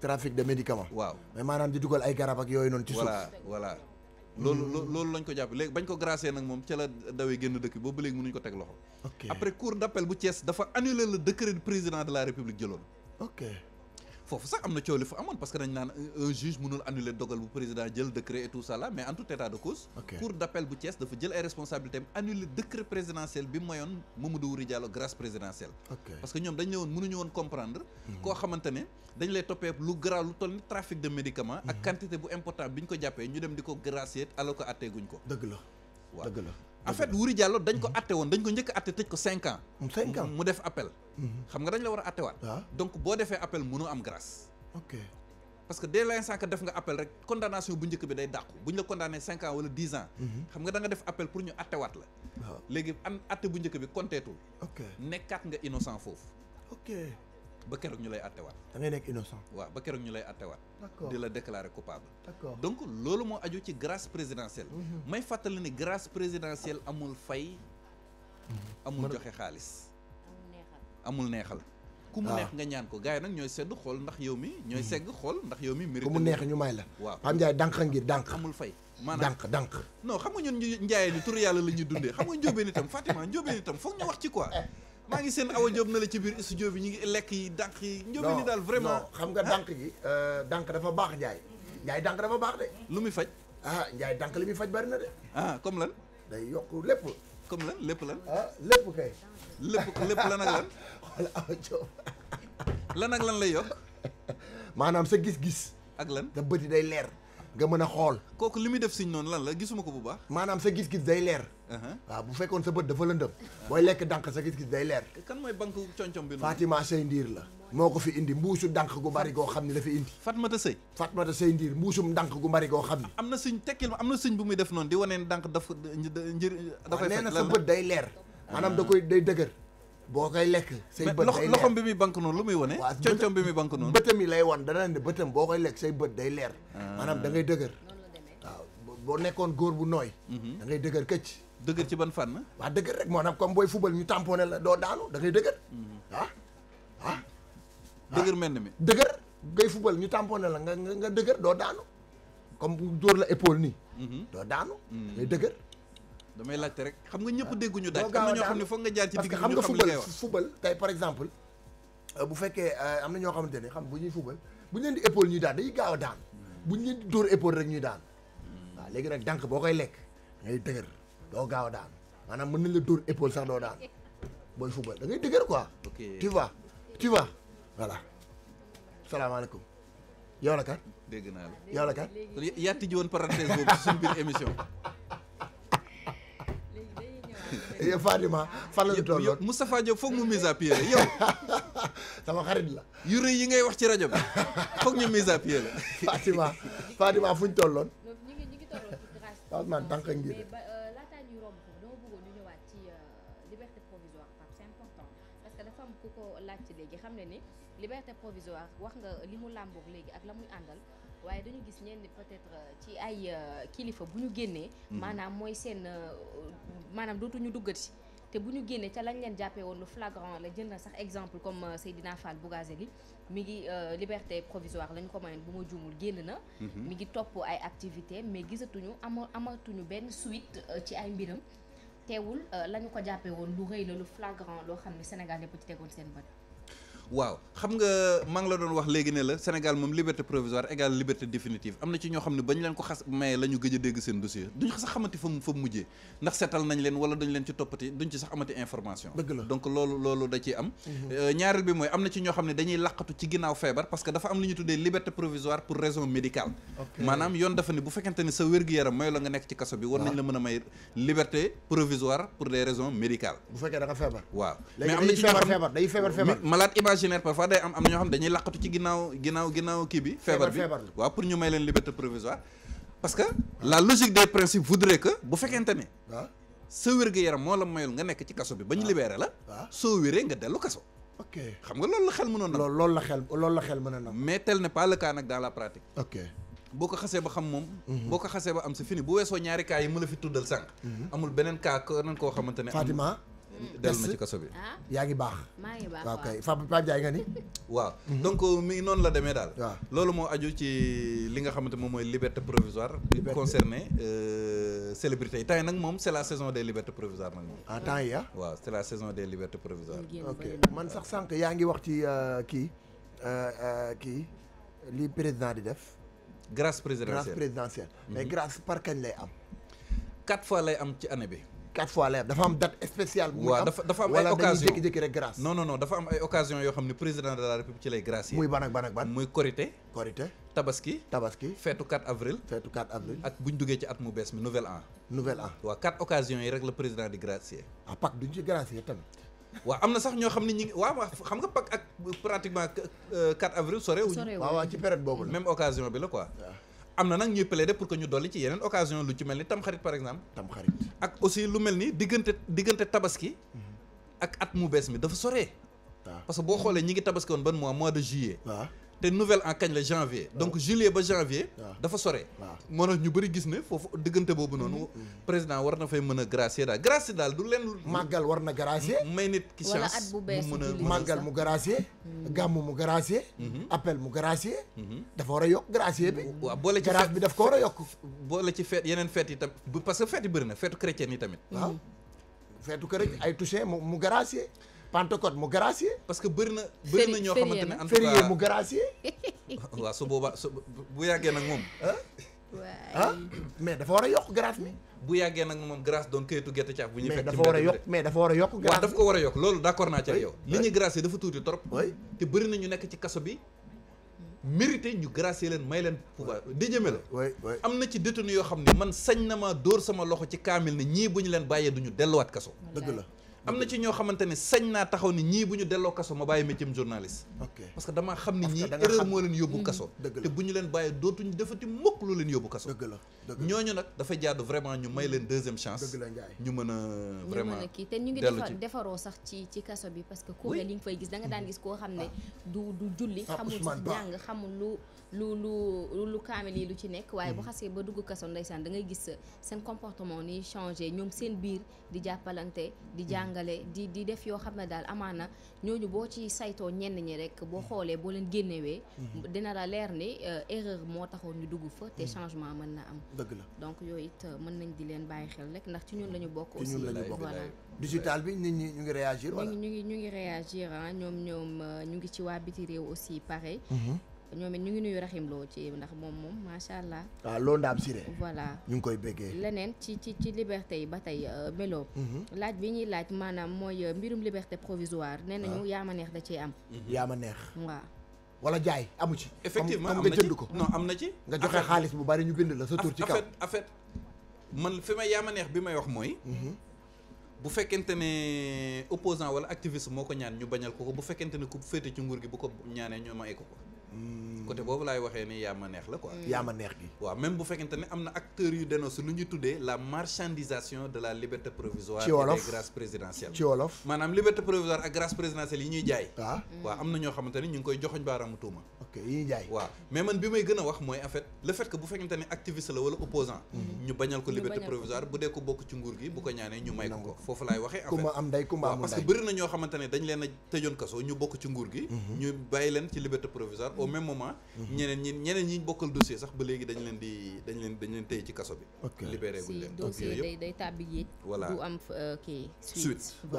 trafic de médicament. waaw mais maanaam di dugal ay garab ak yooyu noonu. ci suuf voilà voilà. loolu hmm. loolu lañ ko jàpp léegi bañ ko gracier nag moom ca la dawee génn dëkk bi boobu léegi ko teg loxo après cour d'appel bu Thiès dafa annuler le décret président de la république jëloon foofu sax am na coow li fa amoon parce que dañ naan euh, un juge mënul annuler dogal bu président jël décret et tout ça là mais en tout état de cause cour d'appel bu Thiès dafa jël ay responsabilités am annuler présidentiel bi mayoon Mamadou Wuri Diallo grâce présidentielle parce que ñoom dañ ne woon mënuñu woon comprendre mhm. koo xamante ne dañ lay toppee lu garaaw lu toll ni trafic de médicaments ak mhm. quantité bu important bi ñu ko jàppee ñu dem di ko gracier alors que atteeguñ ko dëgg la waaw dëgg la en fait Wuri Diallo dañ ko atte woon dañ ko njëkk atte tëj ko cinq mu def appel mhm. xam nga dañ la war a attewaat ah. donc boo defee appel mënu am grâce ok parce que dès l'instant que def nga appel rek condamnation bu njëkk bi day dàqu bu ñu la condamné cinq ans wala dix mhm. xam nga da nga def appel pour ñu attewaat la ah. léegi am atte bu njëkk bi konteetul nekkaat nga innocent foofu ok ba keroog ñu lay attewaat. da ngay nekk innocent. waaw ba keroog ñu lay attewaat. d'accord di la déclarer coupable. d'accord donc loolu moo aju ci grâce présidentielle. Mhm. may fàttali ni grâce présidentielle amul fay. amul joxe xaalis. amul neexal. ku mu ah. neex nga ñaan ko gars yi nag ñooy sedd xool ndax yow mi ñooy mhm. segg xool ndax yow mi mérite ku mu neex ñu may la waaw Pam Ndiaye dànq ngir dànq amul fay maanaam dànq danq non xam nga ñun njaayee ni tur yàlla la ñuy dundee xam nga njóobeen itam Fatima njóobeen itam foog ñu wax ci quoi maa ngi seen awa Diop na la ci biir studio bi ñu ngi lekk yi dànq yi. non non ni daal vraiment xam nga dànq gi. Euh, dànq dafa baax Ndiaye. Ndiaye dànq dafa baax de. lu muy faj. ah Ndiaye dànq li muy faj bari na de. ah comme lan. day yokk lépp. comme lan lépp lan. ah lépp kay. lépp lépp lan ak lan. wala awa Diop. lan ak lan lay yokk. maanaam sa gis-gis. ak lan sa bët yi day leer. nga mën a xool. kooku li muy def siñ noonu lan la gisuma ko bu baax. maanaam sa gis-gis day leer. Uh-huh. waaw bu fekkoon sa bët dafa lëndëm booy lekk dànq sa gis-gis day leer kan mooy banque concom bi Fatima Sey Ndiir la moo ko fi indi mbuusu dànq gu bari goo xam ne la fi indi Fatmata Sey Fatmata Sey Ndiir mbuusum dànq gu bari goo xam ne am na suñ tekkil am na suñ bu muy def noonu di waneen dànq daf njir dafay nee na sa bët day leer maanaam da koy day dëgër boo koy lekk say bët day leer loxom bi muy banque noonu lu muy wane waaw concom bi muy banque noonu bëtam yi lay wan dana ne bëtam boo koy lekk say bët day leer ah. maanaam da dëgër waaw boo nekkoon góor bu nooy mhm. da ngay dëgër këcc dëgër ci ban fànn. waa dëgër rek moo nag comme booy fubal ñu tamponné la doo daanu da ngay dëgër. ah ah. ah. dëgër mel mi dëgër ngay fubal ñu tamponné la nga nga dëgër doo daanu comme bu dóor la épaule nii. Mhm. doo daanu. da mhm. ngay dëgër. damay laajte rek xam nga ñëpp ah. dégguñu daaj. am ñoo xam ne foog nga jaar ci digg xam nga fubal fubal tey par exemple euh, bu fekkee euh, am na ñoo xamante ne xam bu ñuy fubal bu ñu leen di épaule ñuy daan day gaaw a daan mhm. bu ñu leen di dóor épaule rek ñuy daan waaw léegi nag dànk boo koy lekk ngay dëgër doo gaaw a daan maanaam mën nañ la dur épaule sax doo daan booy football da ngay dëgër quoi. ok tu vois tu vois voilà. salaamaaleykum yow la kat. dégg naa la yow la kat. yaa tijji woon parenthèse boobu ci suñu biir émission. Eh, Fatima fan la ñu tolloon Moustapha Diop foog mu mise à yow. sama xarit la. yu yi ngay wax ci rajo bi foog ñu mise à pied la. Fatima Fatima fu ñu tolloon. ñu ngi ñu ngi dañuy romb foofu dama bëggoon ñu ñëwaat ci euh, liberté provisoire Pape c'est important parce que dafa am ku ko laajte léegi xam ne ni liberté provisoire wax nga li mu làmboog léegi ak la muy àndal waaye dañu gis ñenn peut-être euh, ci ay euh, kilifa bu ñu génnee mm-hmm. maanaam mooy seen maanaam dootuñu duggati te bu ñu génnee ca lañ leen jàppee woon lu flagrant la jënd na sax exemple comme fal euh, Fall Bougazelli mi ngi euh, liberté provisoire la ñu ko mayoon bu ma jumul génn na. Mhm. mi ngi topp ay activité mais gisatuñu ama amatuñu benn suite euh, ci ay mbiram teewul la ñu ko jàppee woon lu rëy la lu flagrant loo xam ne Sénégal yëpp ci tegoon seen bët. waaw xam nga maa ngi la doon wax léegi ne la Sénégal moom liberté provisoire égale liberté définitive am na ci ñoo xam ne bañ leen ko xas maye la ñu dégg seen dossier duñ sax xamati fa mu ndax seetal nañ leen wala dañ leen ci toppati duñ sax amati information donc loolu loolu da ciy am mhm. euh, ñaareel bi mooy am na ci ñoo xam ne dañuy laqatu ci ginnaaw feebar parce que dafa am lu tuddee liberté provisoire pour raison médicale maanaam yoon dafa ne bu imaginaire parfois day am am na ñoo xam parce que la logique des principes voudrait ah. moo la mayul nga nekk ci kaso bi. ba ñu ah. libéré la. Ah. soo wéree nga dellu kaso. xel mënoon na. la xel loolu la xel mën a mais tel n'est pas le cas nag dans la pratique. ok boo ko xasee ba xam moom. Mhm. boo ko xasee ba am c'est fini bu weesoo ñaari cas yi mu la fi tuddal sànq. Mhm. amul beneen cas ko nan koo xamante ne. Fatima. dellu na ci kaso bi ah? yaa ngi baax maa ngi baax waaw kay Pape Ndiaye nga ni waaw mhm. donc euh, mi ngi noonu la demee daal waaw loolu moo aju ci li nga xamante moom mooy liberté provisoire bi concerné euh, célébrité yi tey nag moom c'est la saison des libertés provisoires nag moom en temps yi ah waaw c'est la saison des libertés provisoires ok man sax sànq yaa ngi wax ci euh, kii kii li président di def grâce présidentielle grâce présidentielle mais mhm. grâce par kañ lay am quatre fois lay am ci année bi quatre fois la dafa am date spéciale. bu muy am dafa dafa am ay occasion yoo xam ne président de la république ci lay gracier. muy ban ak ban ak ban muy Korité. Korité Tabaski. Tabaski feetu 4 avril. feetu 4 avril. ak bu ñu duggee ci at mu bees mi nouvel an. nouvel an waaw quatre occasions yi rek la président di gracier. ah Pâques duñ ci gracier tamit. waaw am na sax ñoo xam ne ñi waa waaw xam nga Pâques ak pratiquement 4 euh, avril sore wuñ. wa waaw waaw boobu la. même bi la quoi. am na nag ñuy plaider pour que ñu dolli ci yeneen occasion lu ci mel ni tamxarit par exemple. tamxarit ak aussi lu mel ni diggante diggante tabaski. ak at mu bees mi dafa sore. parce que boo xoolee ñi ngi tabaski woon ban mois mois de juillet. waaw te nouvelle en kañ la janvier donc juillet ba janvier dafa sore moo tax ñu bëri gis ne foofu diggante boobu mm-hmm. noonu président war na fay mën a gracier daal gracier daal du leen mm-hmm. màggal war na gracier may nit ki chance mu mën a màggal mu gracier mm-hmm. gàmm mu gracier appel mu gracier dafa war a yokk gracier bi waaw boole bi daf ko war a yokk boole ci feet yeneen feet yi tam parce que feet yi bëri na feetu chrétien yi tamit waaw feetu kër ay touché mu gracier Pentecôte mu gracier. parce que bëri na bëri na ñoo xamante ne en tout cas férié waa gracier. boobaa su bu yàggee nag moom. ah mais dafa war a yokk grâce mi. bu nag moom grâce doon gerte caaf. bu ñu fekk ci mbedd mi mais dafa war a yokk mais dafa a yokk. ko war a yokk loolu d'accord naa ci ak yow. li ñu gracier dafa tuuti trop. te bëri na ñu nekk ci kaso bi. mérité ñu gracier leen may leen pouvoir déjëme la am na ci détenu yoo xam ne man sañ na ma dóor sama loxo ci kaamil ne ñii bu ñu leen bàyyee du ñu delluwaat kaso dëgg la am na ci ñoo xamante ne sañ naa taxaw ni ñii bu ñu delloo kaso ma bàyyi métier journaliste parce que xam ne ñii erreur moo leen yóbbu mm. kaso te bu ñu leen bàyyi dootuñu defati mukk lu leen yóbbu kaso dëgg la ñooñu nag dafa jaadu vraiment ñu may leen deuxième chance ñu mën a vraiment te ñu ngi defaroo sax ci ci kaso bi parce que kuréel yi nga fay gis da daan gis koo xam ne ah. du du julli ah, xamul jàng xamul lu lu lu lu kaamel yi lu ci nekk waaye bu mm-hmm. xasee ba dugg kaso ndeysaan da ngay gis seen comportement ni changé ñoom seen biir di jàppalante di mm-hmm. jàngale di di def yoo xam ne daal amaana ñooñu boo ci saytoo ñenn ñi rek boo mm-hmm. xoolee boo leen génnewee dina la leer ni euh, erreur moo taxoon ñu dugg fa te changement mën na am dëgg la donc yooyu it euh, mën nañ di leen bàyyi xel rek ndax ci ñun la ñu bokk aussi voilà digital bi nit ñi ñu ngi réagir wala ñu ngi ñu ngi réagir ñoom ñoom euh, ñu ngi ci waa biti réew aussi pareil ñoom ñu ngi nuyu Rahim Lo ci ndax moom moom macha allah. waaw ah, loo ndaam siré voilà ñu ngi koy béggee. leneen ci ci ci liberté yi ba tey euh, melo. Mhm. laaj bi ñuy laaj maanaam mooy euh, mbirum liberté provisoire. nee nañu ah. yaama neex da cee am. Mhm. yaama neex. waa wala jaay amu ci. effectivement am nga jënd ko. non am na ci. nga joxe xaalis bu bari ñu bind la sa tur ci kaw. en fait man fi ma yaama neex bi may wax mooy. Mhm. bu fekkente ne opposant wala activiste moo ko ñaan ñu bañal ko ko bu fekkente ne ku féete ci nguur gi bu ko ñaanee ñu ko ko. côté boobu laay waxee ni yaa ma neex la ko yaa ma neex gi. waa même bu fekkente ne am na acteurs yu dénoncé lu ñu tuddee la marchandisation de la liberté provisoire. ci wolof et des ci wolof maanaam liberté provisoire ak grâce présidentielle yi ñuy jaay. waaw ah. waaw am na ñoo xamante ni ñu ngi koy joxoñ baaraamu tuuma. yi ñuy jaay waaw mais man bi may gën a wax mooy en fait le fait que bu fekkente ne activiste la wala opposant mhm. ñu bañal ko liberté provisoire bu dee ko bokk ci nguur gi bu ko ñaanee ñu may ko foofu laay waxee en parce que bëri ñoo xamante dañ leen tëjoon kaso ñu bokk ci nguur gi mhm. ñu bàyyi leen ci liberté provisoire au mhm. même moment ñeneen ñi ñeneen ñi bokkal dossier sax ba léegi dañ leen di dañ leen dañ ci kaso bi libéré guñ leen day day tàbbi euh, suite du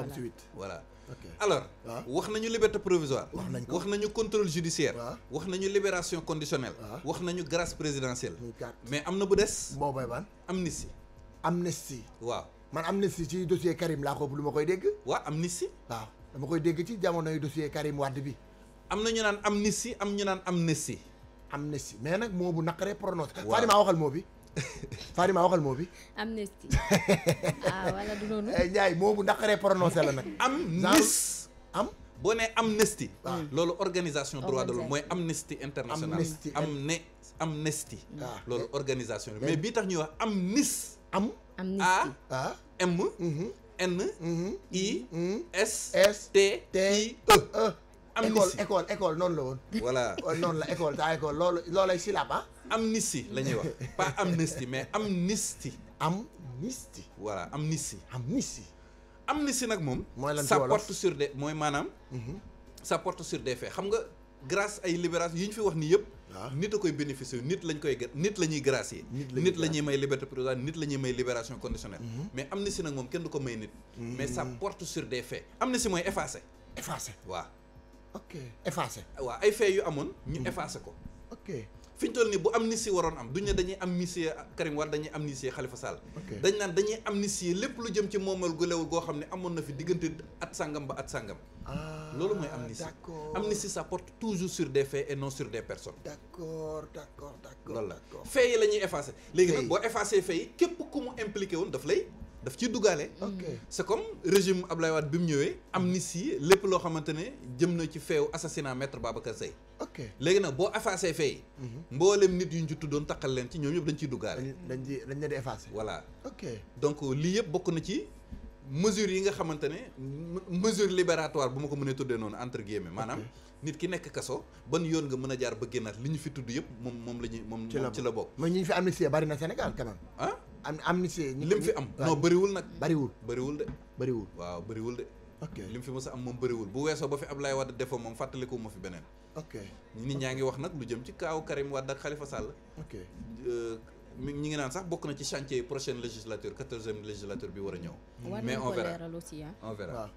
alors ah. wax nañu liberté provisoire wax nañu contrôle judiciaire ah. wax nañu libération conditionnelle ah. wax nañu grâce présidentielle mais am na bu des boo bay baan amnistie amnistie waaw man amnistie ci dossier Karim laa ko lu ma koy dégg waaw amnistie waaw dama koy dégg ci jamonoy dossier Karim Wade bi am na ñu naan amnistie am ñu naan amnistie amnistie mais nag moo bu naqaree prononcé waaw Fadima waxal moo bi Farima waxal moo bi. amnesty. ah wala du noonu. Eh, Ndiaye moo bu naqaree prononcé la nag. am nis am. boo ne amnesty. waaw ah. hmm. loolu organisation droit de l'homme mooy amnesty international. amnesty ne amnesty. waaw ah. loolu organisation mais bii tax ñuy wax am nis. am amnesty a ah. m. Mhm. n. Mhm. i. Mhm. s. s t t e. i e. amnesty école école noonu la woon. voilà noonu la école taa école loolu loolay syllabe ah. amnistie la ñuy wax pas amnistie mais amnistie. amnistie. voilà amnistie. amnistie. amnistie nag moom. mooy lan ça porte sur des mooy maanaam. Mhm. ça porte sur de faits xam nga grace ay libération yu ñu fi wax nii yëpp. Ah. nit a koy bénéficier nit lañ koy nit la ñuy gracier nit la ñuy may liberté provisoire nit la ñuy may libération conditionnelle. Mhm. mais amnistie nag moom kenn du ko may nit. Mhm. mais ça porte sur des faits amnistie mooy effacer. effacer waaw. ok effacer. waaw ay faits yu amoon. ñu effacer ko. fi ñu toll nii bu am amnistie waroon am duñ ne dañuy amnistier Karim Wade dañuy amnistier Khalifa Sall. dañ naan dañuy amnistier lépp lu jëm ci moomal gu lewul goo xam ne amoon na fi diggante at sàngam ba at sàngam. Ah, loolu mooy amnistie amnistie ça porte toujours sur des faits et non sur des personnes. d' accord d' accord d' accord loolu la faits yi la ñuy effacé. léegi nag boo effacé faits yi képp ku mu impliqué woon daf lay. daf ciy dugaale. ok c' est comme régime Ablaye Wade bi mu ñëwee am amnistie lépp loo xamante ne jëm na ci feewu assassinat maître Babacar Seye. ok léegi nag boo effacé fee. Mhm. mboolem nit yu ñu ci tuddoon taqal leen ci ñoom yëpp dañ ciy duggaale. dañ ciy dañ leen di effacé. voilà ok donc lii yëpp bokk na ci mesure yi nga xamante ne mesure libératoire bu ma ko mënee tuddee noonu entre guillemets maanaam. nit ki nekk kaso ban yoon nga mën a jaar ba génnaat li ñu fi tudd yëpp moom moom la ñuy moom. ci la bokk ci la bokk. mooy ñi ñu fi bari na Sénégal quand même. ah am amnistie. li mu fi am non bëriwul nag. bariwul bëriwul de. bëriwul waaw bëriwul de. ok li mu fi mës a am moom bëriwul bu weesoo ba fi Ablaye Wade defoo moom fàttaliku ma fi beneen ok nit ñaa ngi wax nag lu jëm ci kaaw Karim Wade ak Khalifa Sall. ok euh, mi ñi ngi naan sax bokk na ci chantier prochaine législature quatorzième législature bi war a ñëw. mais on verra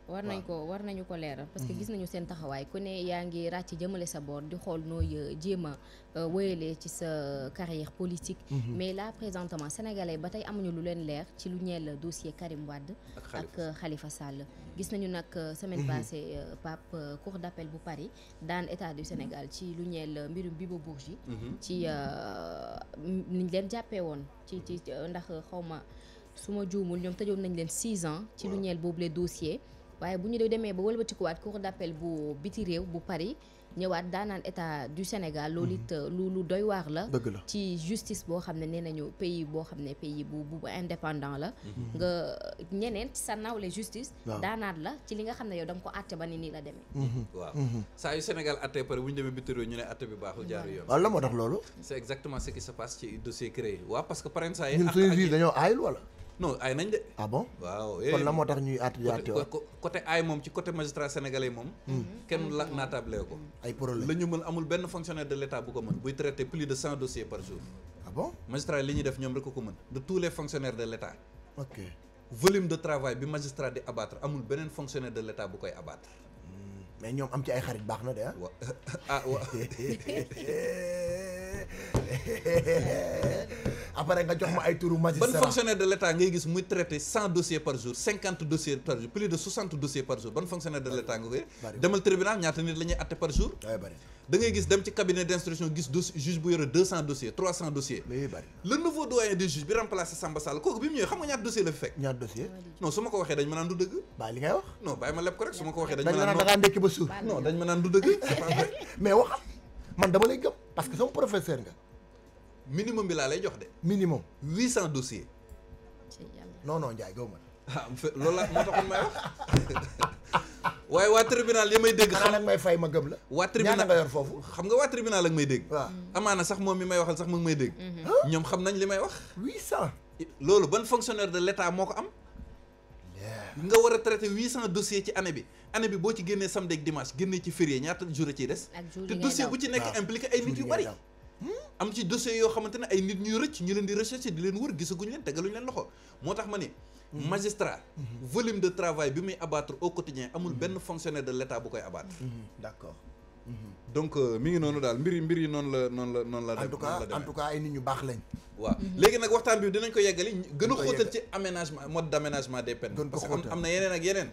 war nañu ko war nañ ko war nañu ko leeral. parce que mhm. gis nañu seen taxawaay ku ne yaa ngi ràcc jëmale sa boor di xool nooy euh, jéem a euh, wéyalee ci sa carrière politique. Mhm. mais la présentement sénégalais ba tey amuñu lu leen leer ci lu ñeel dossier Karim wadd ak xalifa Sall. gis nañu nag euh, semaine mhm. passée euh, Pape euh, cour d'appel bu Paris daan état du Sénégal ci lu ñeel mbirum Bibo Bourgi mhm. ci niñ leen jàppee woon ci ci ndax xawma su ma juumul ñoom tëjoon nañ leen 6 ans ci lu ñeel boobu le dossier waaye bu ñu demee ba wëlbatikuwaat cour d'appel bu biti réew bu Paris ñëwaat daanaan état du Sénégal loolu it mhm. lu lu doy waar la ci justice boo xam ne nee nañu pays boo xam ne pays bu bu indépendant la mhm. nga ñeneen ci sa nawle justice daanaat la ci li nga xam ne yow da ko àtte ba ni nii la demee mhm. waaw saa yu Sénégal àtte pare bu ñu demee bitim réew ñu ne àtte bi baaxul jaar yoon waaw la moo tax loolu c'est exactement ce qui se passe ci dossier créé waaw parce que parrain saa yi ñun suñu vie dañoo aayul wala non ay nañ de. ah bon waaw kon eh. la moo tax ñuy aat yaati côté ay moom ci côté magistrat sénégalais moom. Hmm. Hmm. kenn la naatable ko. ay problème la ñu mën amul benn fonctionnaire de l' état bu ko mën. buy traité plus de cent dossiers par jour. ah bon magistrat li ñuy def ñoom rek ko ko mën de tous les fonctionnaires de l' état. ok volume de travail bi magistrat di abattre amul beneen fonctionnaire de l' état bu koy abattre. Hmm. mais ñoom am ci ay xarit baax na de ah. ah après nga jox ma ay turu magistrat ban fonctionnaire de l' ngay gis muy traité cent dossiers par jour cinquante dossiers par jour plus de soixante dossiers par jour ban fonctionnaire de l' nga koy demal tribunal ñaata nit la ñuy par jour da gis dem ci cabinet d' gis dossier juge bu yore deux cent dossiers trois cent dossiers le nouveau doyen des juges bi remplacé Samba Sall kooku bi mu ñëwee xam nga minimum bi laa lay jox de. minimum huit cent dossiers. non non Ndiaye gaw ma. ah loolu la moo taxoon may wax waaye waa tribunal yi may dégg. xam may fay ma gëm la. waa tribunal ñaata nga yor foofu. xam nga waa tribunal ak may dégg. waaw hmm. amaana sax moom mi may waxal sax mu ngi may dégg. Hmm. ñoom xam nañ li may wax. huit cent. loolu ban fonctionnaire de l'État moo ko am. nga war a traité huit cent dossiers ci année bi année bi boo ci génnee samedi ak génnee ci férié ñaata jours a ciy des. te dossier bu ci nekk impliqué am ci dossier yoo xamante ne ay nit ñuy rëcc ñu leen di recherche di leen wër gisaguñ leen tegaluñ leen loxo moo tax ma ne mhm. magistrat mhm. volume de travail bi muy abattre au quotidien amul mhm. benn fonctionnaire de l'état bu koy abattre d'accord donc euh, mi ngi noonu daal mbir yi mbir yi noonu la noonu la noonu la en tout cas en tout cas ay nit ñu baax lañ waaw léegi nag waxtaan bi dinañ ko yeggali gën a xóotal ci aménagement mode d'aménagement des peines parce que am na yeneen ak yeneen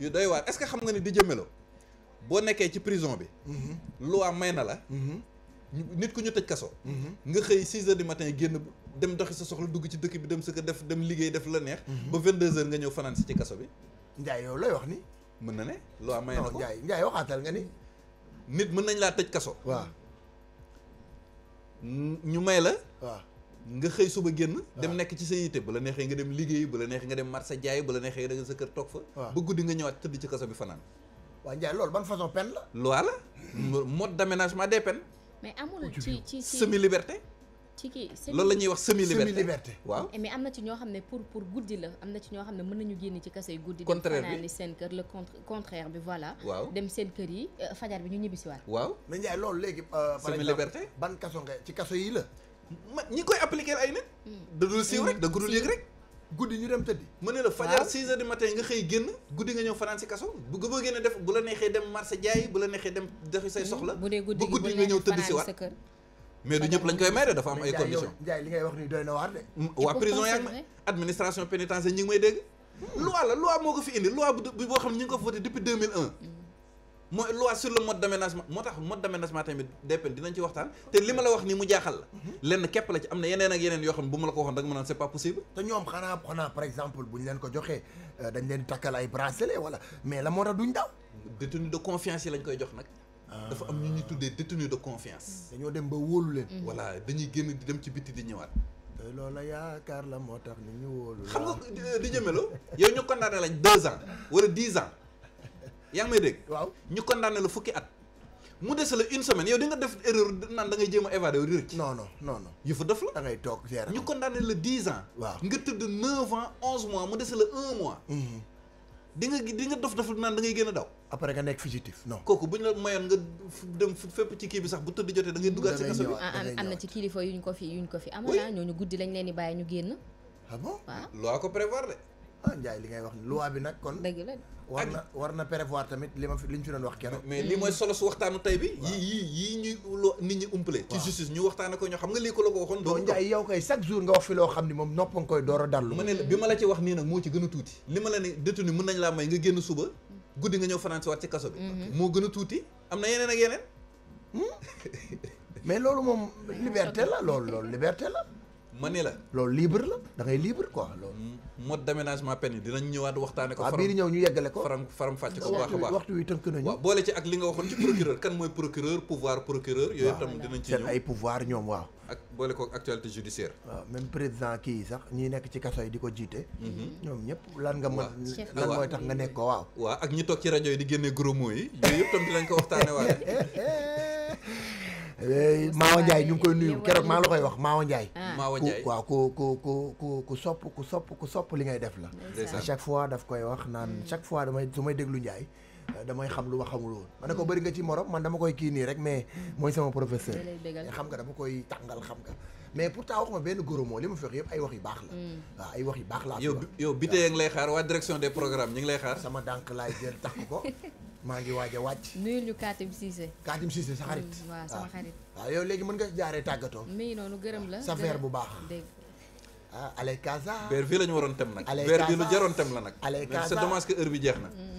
yu xam nga ni di jëmelo boo nekkee ci prison bi loi may na la nit ku ñu tëj kaso. Mhm. nga xëy 6 heures du génn dem doxi sa soxla dugg ci dëkk bi dem sa ko def dem liggéey def la neex. Mhm. ba 22 heures nga ñëw fanaan si ci kaso bi. Ndiaye yow lay wax ni. mën na ne loo am may na ko nga ni. nit mën nañ laa tëj kaso. waaw. ñu may la. waaw nga xëy suba génn. dem nekk ci sa yitte bu la neexee nga dem liggéey bu la neexee nga dem mat sa jaay bu la neexee nga dem sa kër toog fa. ba guddi nga ñëwaat tëdd ci kaso bi fanaan. waaw Ndiaye loolu ban façon peine la. loi la mode d'aménagement des peines. mais amul ci ci semi liberté. ci kii loolu la ñuy wax semi liberté semi liberté waaw. Eh, mais am na ci ñoo xam ne pour pour guddi la am na ci ñoo xam ne mën nañu génne ci kaso yi guddi. contraire bi dem seen kër le contraire bi voilà. waaw dem seen kër yi euh, fajar bi ñu ñibbisiwaat. waaw mais Ndiaye loolu léegi. Euh, semi liberté ban kaso nga ci kaso yi la. ma ñi koy appliquer ay nit. Hmm. da dul siiw rek da gudul yëg rek. guddi ñu dem tëddi. waaw mën la fajar 6 heures du matin nga xëy génn guddi nga ñëw fanaan si kaso bu gëboo génn def bu la neexee mhm. guddi nga ñëw tëdd si waat mais du ñëpp lañ koy may de dafa am ay conditions. li ngay wax nii doy mm, waa prison yaa administration pénitentiaire ñi ngi may dégg. Mm. loi la loi moo ko fi indi loi bu boo xam ne ñu ngi ko voté depuis 2001. mooy loi sur le mode d'aménagement moo tax mode d'aménagement tamit DPM dinañ ci waxtaan te li ma la wax nii mu jaaxal la lenn képp la ci am na yeneen ak yeneen yoo xam ne bu ma la ko waxoon rek ma naan c'est pas leen ko joxee euh, dañ leen takkal ay bracelet wala mais la moo tax duñ daw détenu de confiance yi lañ koy jox nag ah. dafa am ñu ñuy tuddee détenu de confiance dañoo dem ba wóolu leen mm-hmm. voilà dañuy génn di dem ci biti di ñëwaat loolu la yaakaar la moo tax ni ñu wóolu xam nga euh, di jëmelo yow ñu condamné lañ deux ans wala dix ans yaa may dégg. waaw ñu condamné la fukki at. mu des la une semaine yow di nga def erreur naan da ngay jéem a évader wu rëcc. non non non non yëfu def la. da ngay toog gerte ñu condamné la dix ans. nga tëdd neuf ans onze mois mu des la un mois. Mm-hmm. di nga def nga dof dof naan da ngay daw. après nga nekk fugitif non. kooku bu ñu la mayoon nga dem fépp ci kii bi sax bu tëdd jotee da ngay duggaat ci kaso bi. am na ci kilifa yuñ ko fi yuñ ko fi. amal ah, naa ñooñu guddi lañ l di bàyyi ñu génn. ah, ah. ah Ndiaye li ngay wax ni loi bi nag kon. dëgg la war na war na tamit li ma fi li ñu fi doon wax keroog. mais li mooy solo su waxtaanu tey bi. yi yii yii ñuy loo nit ñi umpale. ci justice ñu waxtaane ko ñoo xam nga lii ko la ko waxoon. doo Ndiaye yow kay chaque jour nga wax fi loo xam ni moom nopp nga koy door a dallu. ma ne la bi ma la ci wax nii nag moo ci gën tuuti. li ma la ne détenu mën nañ laa may nga génn suba guddi nga ñëw fanaan si ci kaso bi. Mhm. moo gën a tuuti am na yeneen ak hmm? mais loolu moom liberté la loolu loolu liberté la ma ni la loolu libre la da ngay libre quoi loolu. Mm, mode d'aménagement peine yi dinañ ñëwaat waxtaane ko. Ah, faram waaw ñëw ñu yeggale ko. faram faram fàcce ko bu baax waxtu wi tënk nañu. boole ci ak li nga waxoon ci procureur mooy procureur pouvoir procureur. yooyu tam dinañ ci ñëw seen ay pouvoir ñoom waaw. ak boole ko actualité judiciaire. waaw même président kii sax ñi nekk ci kaso yi di ko jiite. Mm-hmm. ñoom ñëpp laan nga mën. lan mooy tax nga nekk ko waaw. waaw ak ñi toog ci rajo yi di génne gros mots yi. yooyu yëpp tam dinañ ko waxtaane waat Eh, Maawa Ndiaye ñu ngi koy nuyu keroog maa la koy wax Maawa Ndiaye. Ah. Maawa Ndiaye waaw ku ku ku ku sopp ku sopp ku sopp li ngay def la. à chaque fois daf koy wax naan mm. chaque fois damay su may déglu Ndiaye. Euh, damay xam lu ma xamul woon ma ko mm. bëri nga ci morom man dama koy kii nii rek mais mm. mooy sama professeur xam nga dama koy tàngal xam nga mais pourtant wax ma benn goro moo li ma fex yëpp ay wax yu baax la waaw ay wax yu baax la yow yow bitee ngi lay xaar waa direction des programmes ñu ngi lay xaar sama dànk laay jël takk ko maa ngi waaj a wàcc. nuyul ñu Katim Cissé. Katim Cissé sa xarit. Mm, waaw sama ah. xarit waaw ah, yow léegi mën nga jaaree tàggatoo. mi noonu gërëm la sa verre bu baax. dégg ah Aley Kaza. verre fii la ñu waroon tem nag. Aley Kaza verre lu jaroon tem la nag. Aley Kaza c'est dommage que heure bi jeex na. Mm.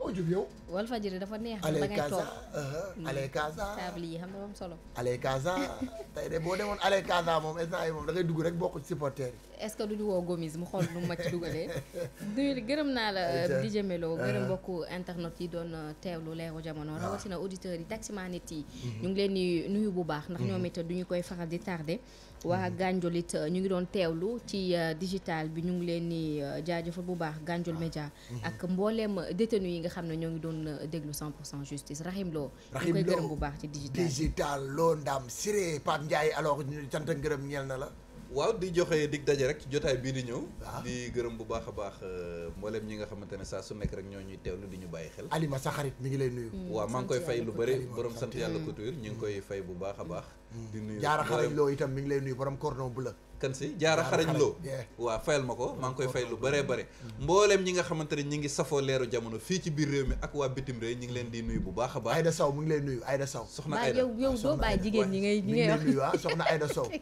oo jub yow. Walfadjri dafa neex. da ngay toog uh-huh. Allez hmm. Casa table yi xam nga moom solo. Allez Casa tey de boo demoon Allez Casa moom instant yi moom da ngay dugg rek bokk ci supporter yi. est-ce que duñu woo Gomis mu xool nu ma ci dugalee. nuyu gërëm naa la DJ Melo. Uh-huh. gërëm mbokku internet yi doon uh, teewlu leeru jamono. waaw ah. rawatina auditeurs yi taximaan nit yi. Mm-hmm. ñu ngi leen di nuyu bu baax. ndax mm-hmm. ñoom it duñu koy faral di tardé. waa Gandiol it euh, ñu ngi doon teewlu ci euh, digital bi ñu ngi leen ni euh, jaajëfal bu baax Gandiol ah. Média mm-hmm. ak mbooleem détenu yi nga xam ne ñoo ngi doon déglu 100 pour cent justice Rahim Lo ñu koy gërëm bu baax ci digital digital loo ndam Siré Pape Ndiaye alors cant ngërëm ñeel na la waaw di joxe dig daje rek jotaay bii di ñëw. Ah. di gërëm bu baax a baax euh, mboolem ñi nga xamante ne saa su nekk rek ñoo ñuy teewlu di ñu bàyyi xel. Alima sa xarit mi ngi lay nuyu. Mm, waaw maa ngi koy fay lu bëri borom sant yàlla mm. couture ñu ngi koy fay bu baax a baax. Mm. di nuyu jaara xarit loo itam mi ngi lay nuyu borom bu la kan si jaara xarañ loo waa fayal ma ko maa ngi koy fay lu bëree bëri mm-hmm. mbooleem ñi nga xamante ñi ngi safoo leeru jamono fii ci biir réew mi ak waa bitim réew ñi ngi leen di nuyu bu baax a baax Ayda Sow mu ngi leen nuyu Ayda Sow soxna Ayda yow yow ah,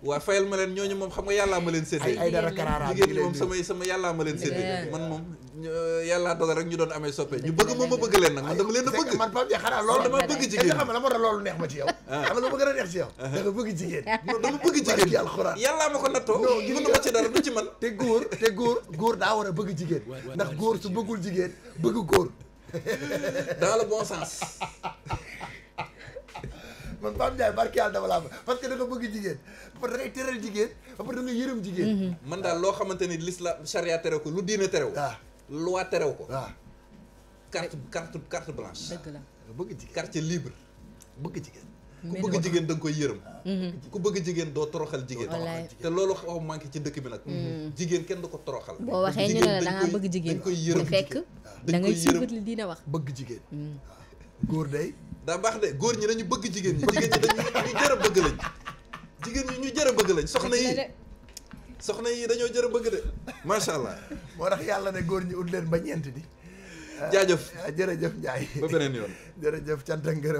waa ah, fayal ma leen ñooñu moom xam nga yàllaa ma leen séddee ay dara karaara moom sama yàllaa ma leen séddee man moom yàllaa dogal rek ñu doon amee soppe ñu bëgg moom ma bëgg leen nag man dama leen a bëgg man ah. a nattoo. non gis nga ci dara du ci man te góor te góor góor daa war a bëgg jigéen. ndax góor su bëggul jigéen bëgg góor. dans le bon sens. man Pape Ndiaye barke yàlla dama laa parce que da bëgg jigéen ba pare da ngay jigéen ba pare da nga yërëm jigéen. Mhm. man daal loo xamante ni la charia terew ko lu diine terew. waaw ah. loi terew ko. waaw ah. carte carte carte blanche. dëgg la bëgg jigéen carte libre bëgg jigéen. ku bëgg jigéen da koy yërëm mm-hmm. ku bëgg jigéen doo toroxal jigéen te loolu xaw manqué ci dëkk bi nag mm-hmm. jigéen kenn du ko toroxal boo waxee ñu ne la da bëgg jigéen dañ koy yërëm fekk da ngay suivre li diina bëgg jigéen mm. góor day daa baax de góor ñi dañu bëgg jigéen ñi jigéen ñu bëgg jigéen ñi ñu jër bëgg lañ soxna yi soxna yi dañoo jër bëgg de macha allah moo tax yàlla ne góor ñi ut leen ba ñeent di jaajëf ah, jërëjëf Njaay ba beneen yoon jërëjëf cant ak ngërëm